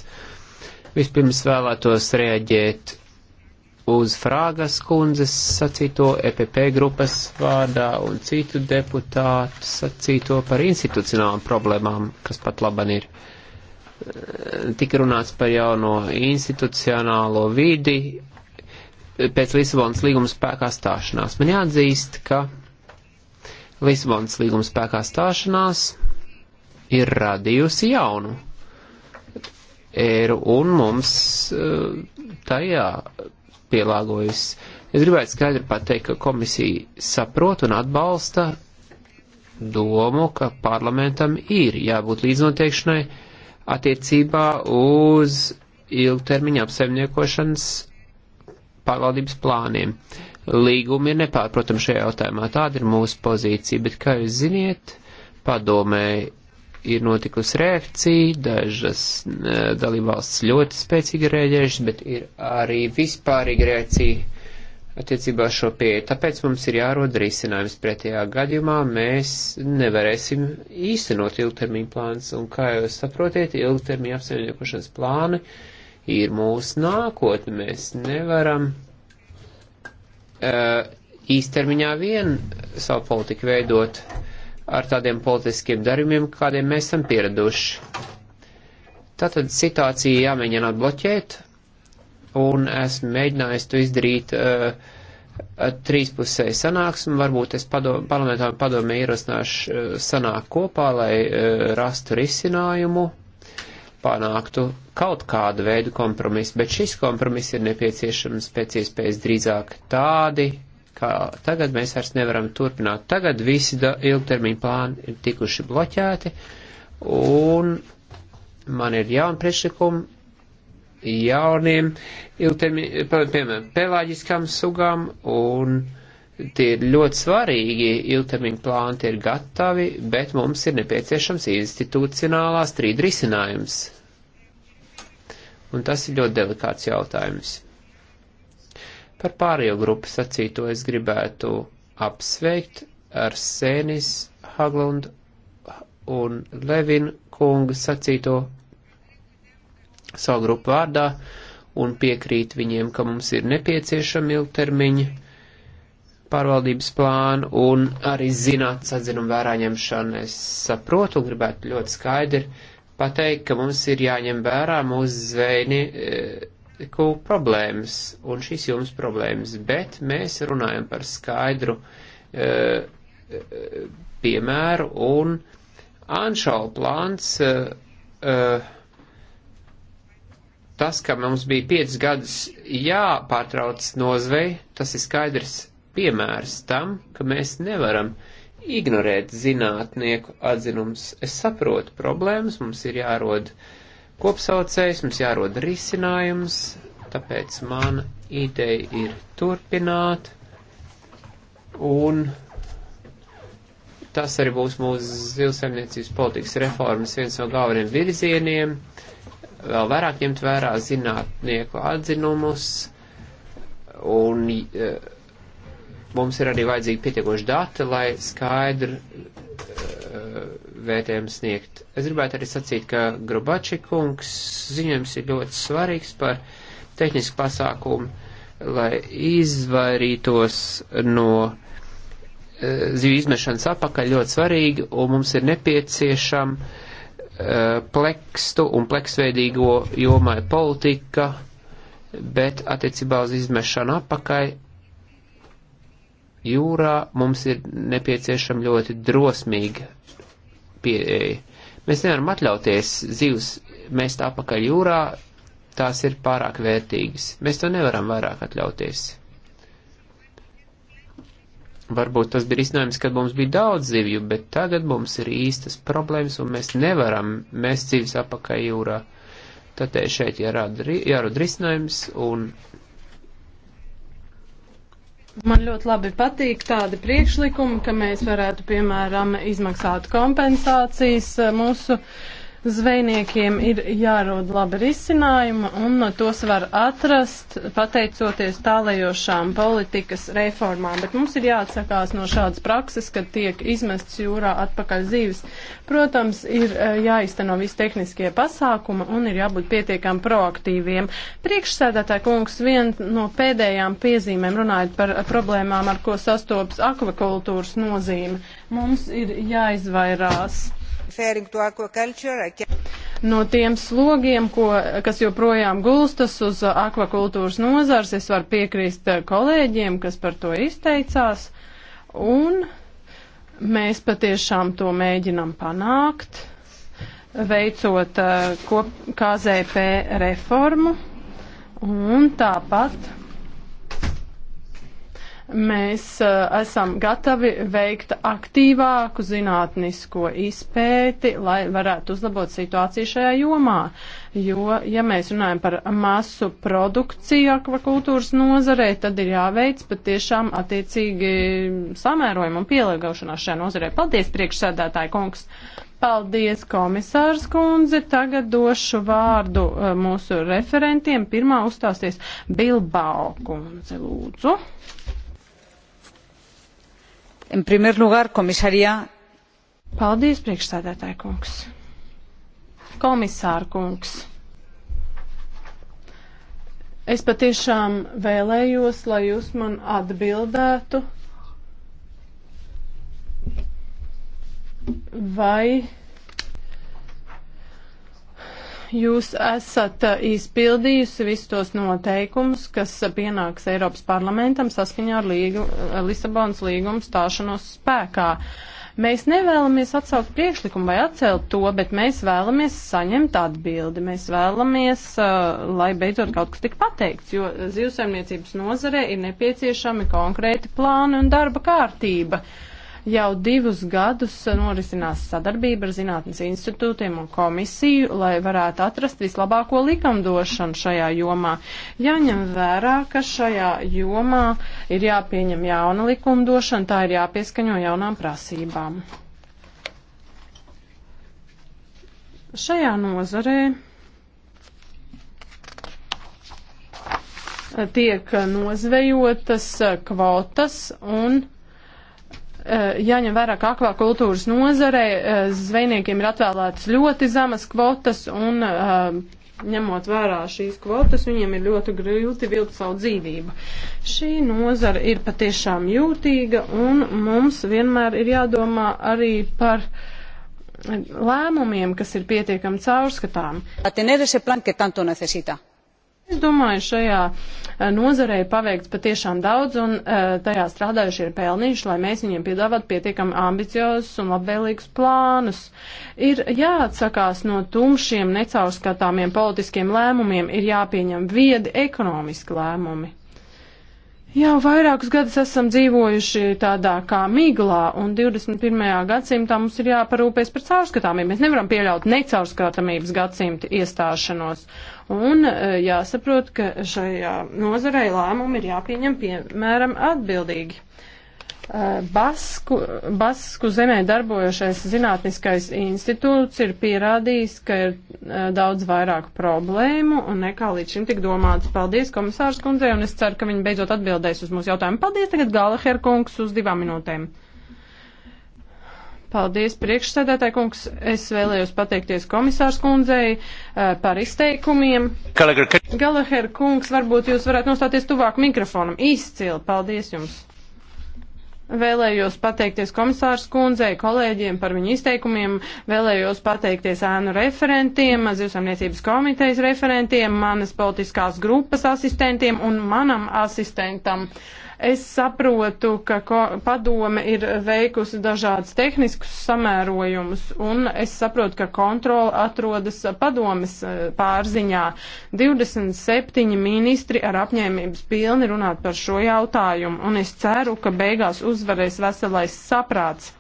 Vispirms vēlētos reaģēt uz Frāgas kundzes sacīto EPP grupas vārdā un citu deputātu sacīto par institucionālām problēmām, kas pat laban ir. Tik runāts par jauno institucionālo vidi pēc Lisabonas līguma spēkā stāšanās. Man jāatzīst, ka Lisabonas līguma spēkā stāšanās ir radījusi jaunu eiru un mums eh, tajā pielāgojas. Es gribētu skaidri pateikt, ka komisija saprot un atbalsta domu, ka parlamentam ir jābūt līdznotiekšanai attiecībā uz ilgtermiņa apsaimniekošanas pārvaldības plāniem. Uh, līgumi ir nepārprotam šajā jautājumā. Tāda ir mūsu pozīcija, bet, kā jūs ziniet, padomē ir notikusi reakcija, dažas eh, dalībvalstis ļoti spēcīgi rēģējušas, bet ir arī vispārīga reakcija attiecībā šo pieeju. Tāpēc mums ir jārod risinājums pretējā gadījumā, mēs nevarēsim īstenot ilgtermiņu plāns, un kā jūs saprotiet, ilgtermiņa apsaimniekošanas plāni ir mūsu nākotne, mēs nevaram Eh, īstermiņā vien savu politiku veidot ar tādiem politiskiem darījumiem, kādiem mēs esam pieraduši. Tātad situācija jāmēģina atbloķēt, un esmu mēģinājis to izdarīt uh, eh, trīspusēji sanāksmi, varbūt es padom, parlamentāru padomē ierosināšu uh, sanākt kopā, lai uh, rastu risinājumu panāktu kaut kādu veidu kompromisu, bet šis kompromiss ir nepieciešams pēc iespējas drīzāk tādi, kā tagad mēs vairs nevaram turpināt. Tagad visi ilgtermiņa plāni ir tikuši bloķēti, un man ir jauni priekšlikumi jauniem ilgtermiņa, piemēram, pelāģiskām sugām, un tie ir ļoti svarīgi, ilgtermiņa plāni ir gatavi, bet mums ir nepieciešams institucionālās strīd risinājums Un tas ir ļoti delikāts jautājums. Par pārējo grupu sacīto es gribētu apsveikt ar Sēnis Haglund un Levin kungu sacīto savu grupu vārdā un piekrīt viņiem, ka mums ir nepieciešama ilgtermiņa pārvaldības plānu un arī zināt sadzinumu vērā ņemšanu. Es saprotu, gribētu ļoti skaidri pateikt, ka mums ir jāņem vērā mūsu zvejnieku eh, problēmas un šīs jums problēmas, bet mēs runājam par skaidru eh, piemēru un Anšalu plāns, eh, tas, ka mums bija 5 gadus jāpārtrauc nozvei, tas ir skaidrs piemērs tam, ka mēs nevaram uh, ignorēt zinātnieku atzinums. Es saprotu problēmas, mums ir jārod kopsaucējs, mums jārod risinājums, tāpēc mana ideja ir turpināt un tas arī būs mūsu zilsaimniecības politikas reformas viens no galveniem virzieniem, vēl vairāk ņemt vērā zinātnieku atzinumus un uh, Mums ir arī vajadzīgi pietiekoši dati, lai skaidru uh, eh, vērtējumu sniegt. Es gribētu arī sacīt, ka Grubačikungs ziņojums ir ļoti svarīgs par tehnisku pasākumu, lai izvairītos no uh, zivju izmešanas apakaļ ļoti svarīgi, un mums ir nepieciešama uh, eh, plekstu un pleksveidīgo jomai politika, bet attiecībā uz izmešanu apakai jūrā, mums ir nepieciešama ļoti drosmīga pieeja. Mēs nevaram atļauties zivs mest apakaļ jūrā, tās ir pārāk vērtīgas. Mēs to nevaram vairāk atļauties. Varbūt tas bija risinājums, kad mums bija daudz zivju, bet tagad mums ir īstas problēmas un mēs nevaram mest zivs apakaļ jūrā. Tātad šeit jārada, jārada risinājums un Man ļoti labi patīk tādi priekšlikumi, ka mēs varētu, piemēram, izmaksāt kompensācijas eh, mūsu uh, Zvejniekiem ir jārod labi risinājumi, un tos var atrast pateicoties tālējošām politikas reformām. Bet mums ir jāatsakās no šādas prakses, kad tiek izmests jūrā atpakaļ zīves. Protams, ir eh, jāizteno visi tehniskie pasākumi un ir jābūt pietiekami proaktīviem. Priekšsēdētāja kungs vien no pēdējām piezīmēm runājot par problēmām, ar ko sastopas akvakultūras nozīme. Mums ir jāizvairās No tiem slogiem, ko, kas joprojām gulstas uz akvakultūras nozars, es varu piekrīst eh, kolēģiem, kas par to izteicās, un mēs patiešām to mēģinam panākt, veicot eh, kop, KZP reformu, un tāpat Mēs uh, esam gatavi veikt aktīvāku zinātnisko izpēti, lai varētu uzlabot situāciju šajā jomā. Jo, ja mēs runājam par masu produkciju akvakultūras nozarē, tad ir jāveic patiešām attiecīgi samērojumi un pielāgošanās šajā nozarē. Paldies, priekšsēdētāji kungs! Paldies, komisārs kundze. Tagad došu vārdu uh, mūsu referentiem. Pirmā uzstāsies Bilbao kundze, lūdzu. En primer lugar, komisarijā. Paldies, priekšsēdētāja kungs. Komisāra kungs. Es patiešām vēlējos, lai jūs man atbildētu, vai jūs esat uh, izpildījusi visus tos noteikumus, kas uh, pienāks Eiropas parlamentam saskaņā ar līgu, uh, Lisabonas līgumu stāšanos spēkā. Mēs nevēlamies atsaukt priekšlikumu vai atcelt to, bet mēs vēlamies saņemt atbildi. Mēs vēlamies, lai beidzot kaut kas tik pateikts, jo zivsaimniecības nozarē ir nepieciešami konkrēti plāni un darba kārtība. Uh, Jau divus gadus norisinās sadarbība ar zinātnes institūtiem un komisiju, lai varētu atrast vislabāko likumdošanu šajā jomā. Jāņem vērā, ka šajā jomā ir jāpieņem jauna likumdošana, tā ir jāpieskaņo jaunām prasībām. Šajā nozarē tiek nozvejotas kvotas un Eh, jāņem vērā, ka akvakultūras nozarē eh, zvejniekiem ir atvēlētas ļoti zemas kvotas un eh, ņemot vērā šīs kvotas, viņiem ir ļoti grūti vilkt savu dzīvību. Šī nozara ir patiešām jūtīga un mums vienmēr ir jādomā arī par lēmumiem, kas ir pietiekami caurskatām. Atener ese plan que tanto necesita. Es domāju, šajā eh, nozarei paveikts patiešām daudz, un eh, tajā strādājuši ir pelnījuši, lai mēs viņiem piedāvātu pietiekami ambiciozus un labvēlīgus plānus. Ir jāatsakās no tumšiem, necaurskatāmiem politiskiem lēmumiem, ir jāpieņem viedi ekonomiski lēmumi. Jau vairākus gadus esam dzīvojuši tādā kā miglā, un 21. gadsimtā mums ir jāparūpēs par caurskatāmību. Mēs nevaram pieļaut necaurskatāmības gadsimta iestāšanos. Un e, jāsaprot, ka šajā nozarei lēmumi ir jāpieņem, piemēram, atbildīgi. Eh, Basku, Basku zemē darbojošais zinātniskais institūts ir pierādījis, ka ir eh, daudz vairāk problēmu un nekā līdz šim tik domāts. Paldies komisārs kundzei un es ceru, ka viņi beidzot atbildēs uz mūsu jautājumu. Paldies tagad Galaher kungs uz divām minūtēm. Paldies priekšsēdētāji kungs. Es vēlējos pateikties komisārs kundzei eh, par izteikumiem. Galaher kungs, varbūt jūs varētu nostāties tuvāk mikrofonam. Izcili. Paldies jums. Vēlējos pateikties komisārs kundzei, kolēģiem par viņu izteikumiem, vēlējos pateikties ēnu referentiem, zivsamniecības komitejas referentiem, manas politiskās grupas asistentiem un manam asistentam. Uh, Es saprotu, ka padome ir veikusi dažādas tehniskus samērojumus, un es saprotu, ka kontrola atrodas padomes e, pārziņā. 27 ministri ar apņēmības pilni runāt par šo jautājumu, un es ceru, ka beigās uzvarēs veselais saprāts.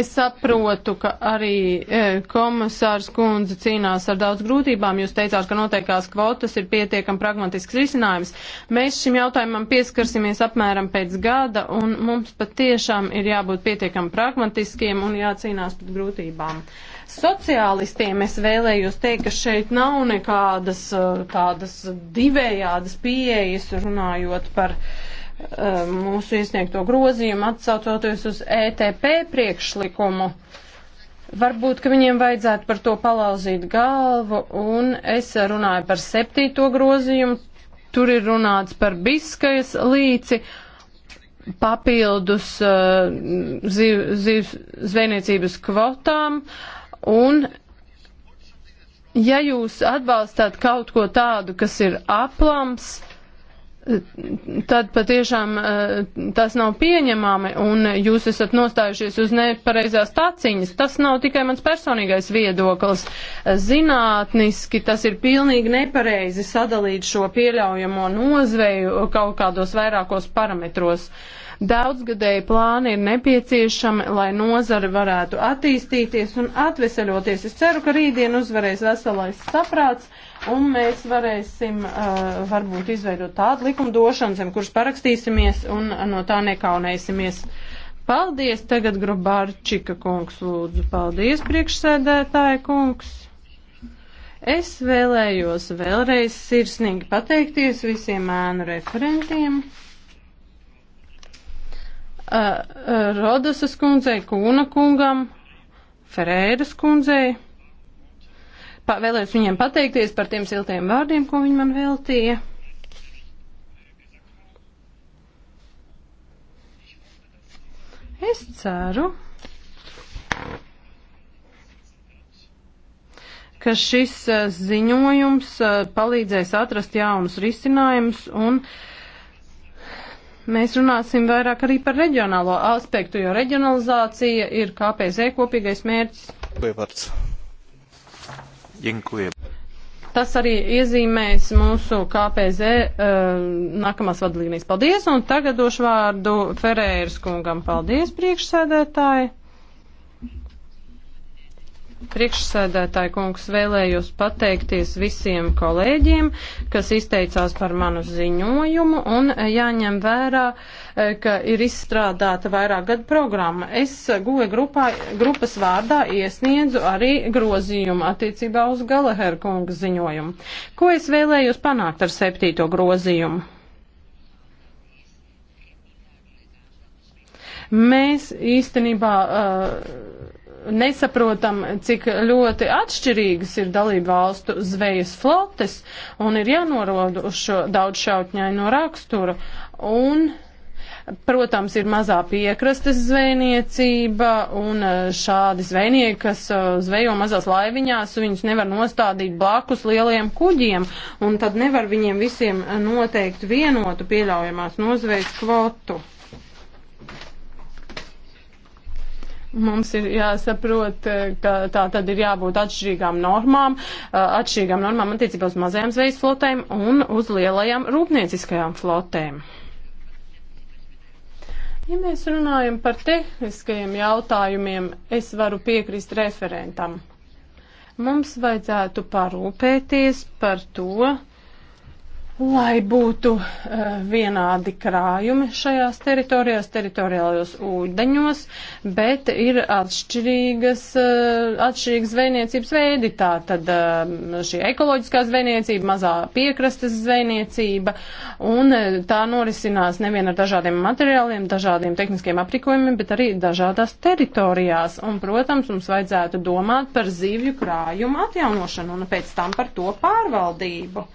Es saprotu, ka arī e, komisārs kundze cīnās ar daudz grūtībām. Jūs teicāt, ka noteiktās kvotas ir pietiekam pragmatisks risinājums. Mēs šim jautājumam pieskarsimies apmēram pēc gada, un mums patiešām ir jābūt pietiekam pragmatiskiem un jācīnās pret grūtībām. Sociālistiem es vēlējos teikt, ka šeit nav nekādas e, tādas divējādas pieejas runājot par uh, Eh, mūsu iesniegto grozījumu atsaucoties uz ETP priekšlikumu. Varbūt, ka viņiem vajadzētu par to palauzīt galvu, un es runāju par septīto grozījumu, tur ir runāts par biskajas līci, papildus uh, ziv, ziv, zvejniecības kvotām, un ja jūs atbalstāt kaut ko tādu, kas ir aplams, tad patiešām eh, tas nav pieņemami un jūs esat nostājušies uz nepareizās taciņas. Tas nav tikai mans personīgais viedoklis. Zinātniski tas ir pilnīgi nepareizi sadalīt šo pieļaujamo nozveju kaut kādos vairākos parametros. Daudzgadēji plāni ir nepieciešami, lai nozara varētu attīstīties un atveseļoties. Es ceru, ka rītdien uzvarēs veselais saprāts un mēs varēsim uh, varbūt izveidot tādu likumdošanu, zem kuras parakstīsimies un no tā nekaunēsimies. Paldies, tagad Grubārčika kungs lūdzu. Paldies, priekšsēdētāja kungs. Es vēlējos vēlreiz sirsnīgi pateikties visiem ēnu referentiem. Uh, uh, Rodasas kundzei, Kūna kungam, Ferēras kundzei pa, vēlējos viņiem pateikties par tiem siltiem vārdiem, ko viņi man veltīja. Es ceru, ka šis eh, ziņojums eh, palīdzēs atrast jaunus risinājumus un mēs runāsim vairāk arī par reģionālo aspektu, jo reģionalizācija ir KPZ kopīgais mērķis. Liepārts. Dziękuję. Tas arī iezīmēs mūsu KPZ uh, eh, nākamās vadlīnijas. Paldies, un tagad došu vārdu Ferēras kungam. Paldies, priekšsēdētāji! Priekšsēdētāji kungs vēlējos pateikties visiem kolēģiem, kas izteicās par manu ziņojumu un jāņem vērā, eh, ka ir izstrādāta vairāk gadu programma. Es goja grupā, grupas vārdā iesniedzu arī grozījumu attiecībā uz Galaher kunga ziņojumu. Ko es vēlējos panākt ar septīto grozījumu? Mēs īstenībā uh, nesaprotam, cik ļoti atšķirīgas ir dalību valstu zvejas flotes un ir jānoroda uz šo daudzšautņaino raksturu. Un, protams, ir mazā piekrastes zvejniecība un e, šādi zvejnieki, kas e, zvejo mazās laiviņās, viņus nevar nostādīt blakus lieliem kuģiem un tad nevar viņiem visiem e, noteikt vienotu pieļaujamās nozvejas kvotu. Mums ir jāsaprot, eh, ka tā tad ir jābūt atšķirīgām normām, eh, atšķirīgām normām attiecībā uz mazajām zvejas flotēm un uz lielajām rūpnieciskajām flotēm. Ja mēs runājam par tehniskajiem jautājumiem, es varu piekrist referentam. Mums vajadzētu parūpēties par to, lai būtu uh, vienādi krājumi šajās teritorijās, teritoriālajos ūdeņos, bet ir atšķirīgas, uh, atšķirīgas zvejniecības veidi. Tā tad uh, šī ekoloģiskā zvejniecība, mazā piekrastes zvejniecība, un uh, tā norisinās nevien ar dažādiem materiāliem, dažādiem tehniskiem aprikojumiem, bet arī dažādās teritorijās. Un, protams, mums vajadzētu domāt par zīvju krājumu atjaunošanu un pēc tam par to pārvaldību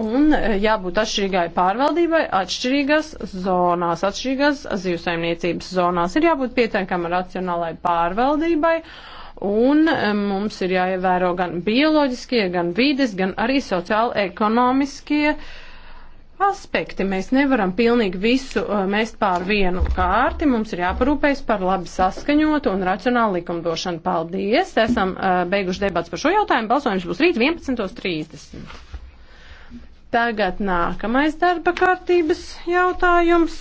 un e, jābūt atšķirīgai pārvaldībai atšķirīgās zonās, atšķirīgās zivsaimniecības zonās. Ir jābūt pietiekami racionālai pārvaldībai, un e, mums ir jāievēro gan bioloģiskie, gan vides, gan arī sociāli-ekonomiskie aspekti. Mēs nevaram pilnīgi visu e, mest pār vienu kārti, mums ir jāparūpējas par labi saskaņotu un racionālu likumdošanu. Paldies! Esam beiguši debats par šo jautājumu. Balsojums būs rīt 11.30. Tagad nākamais darba kārtības jautājums.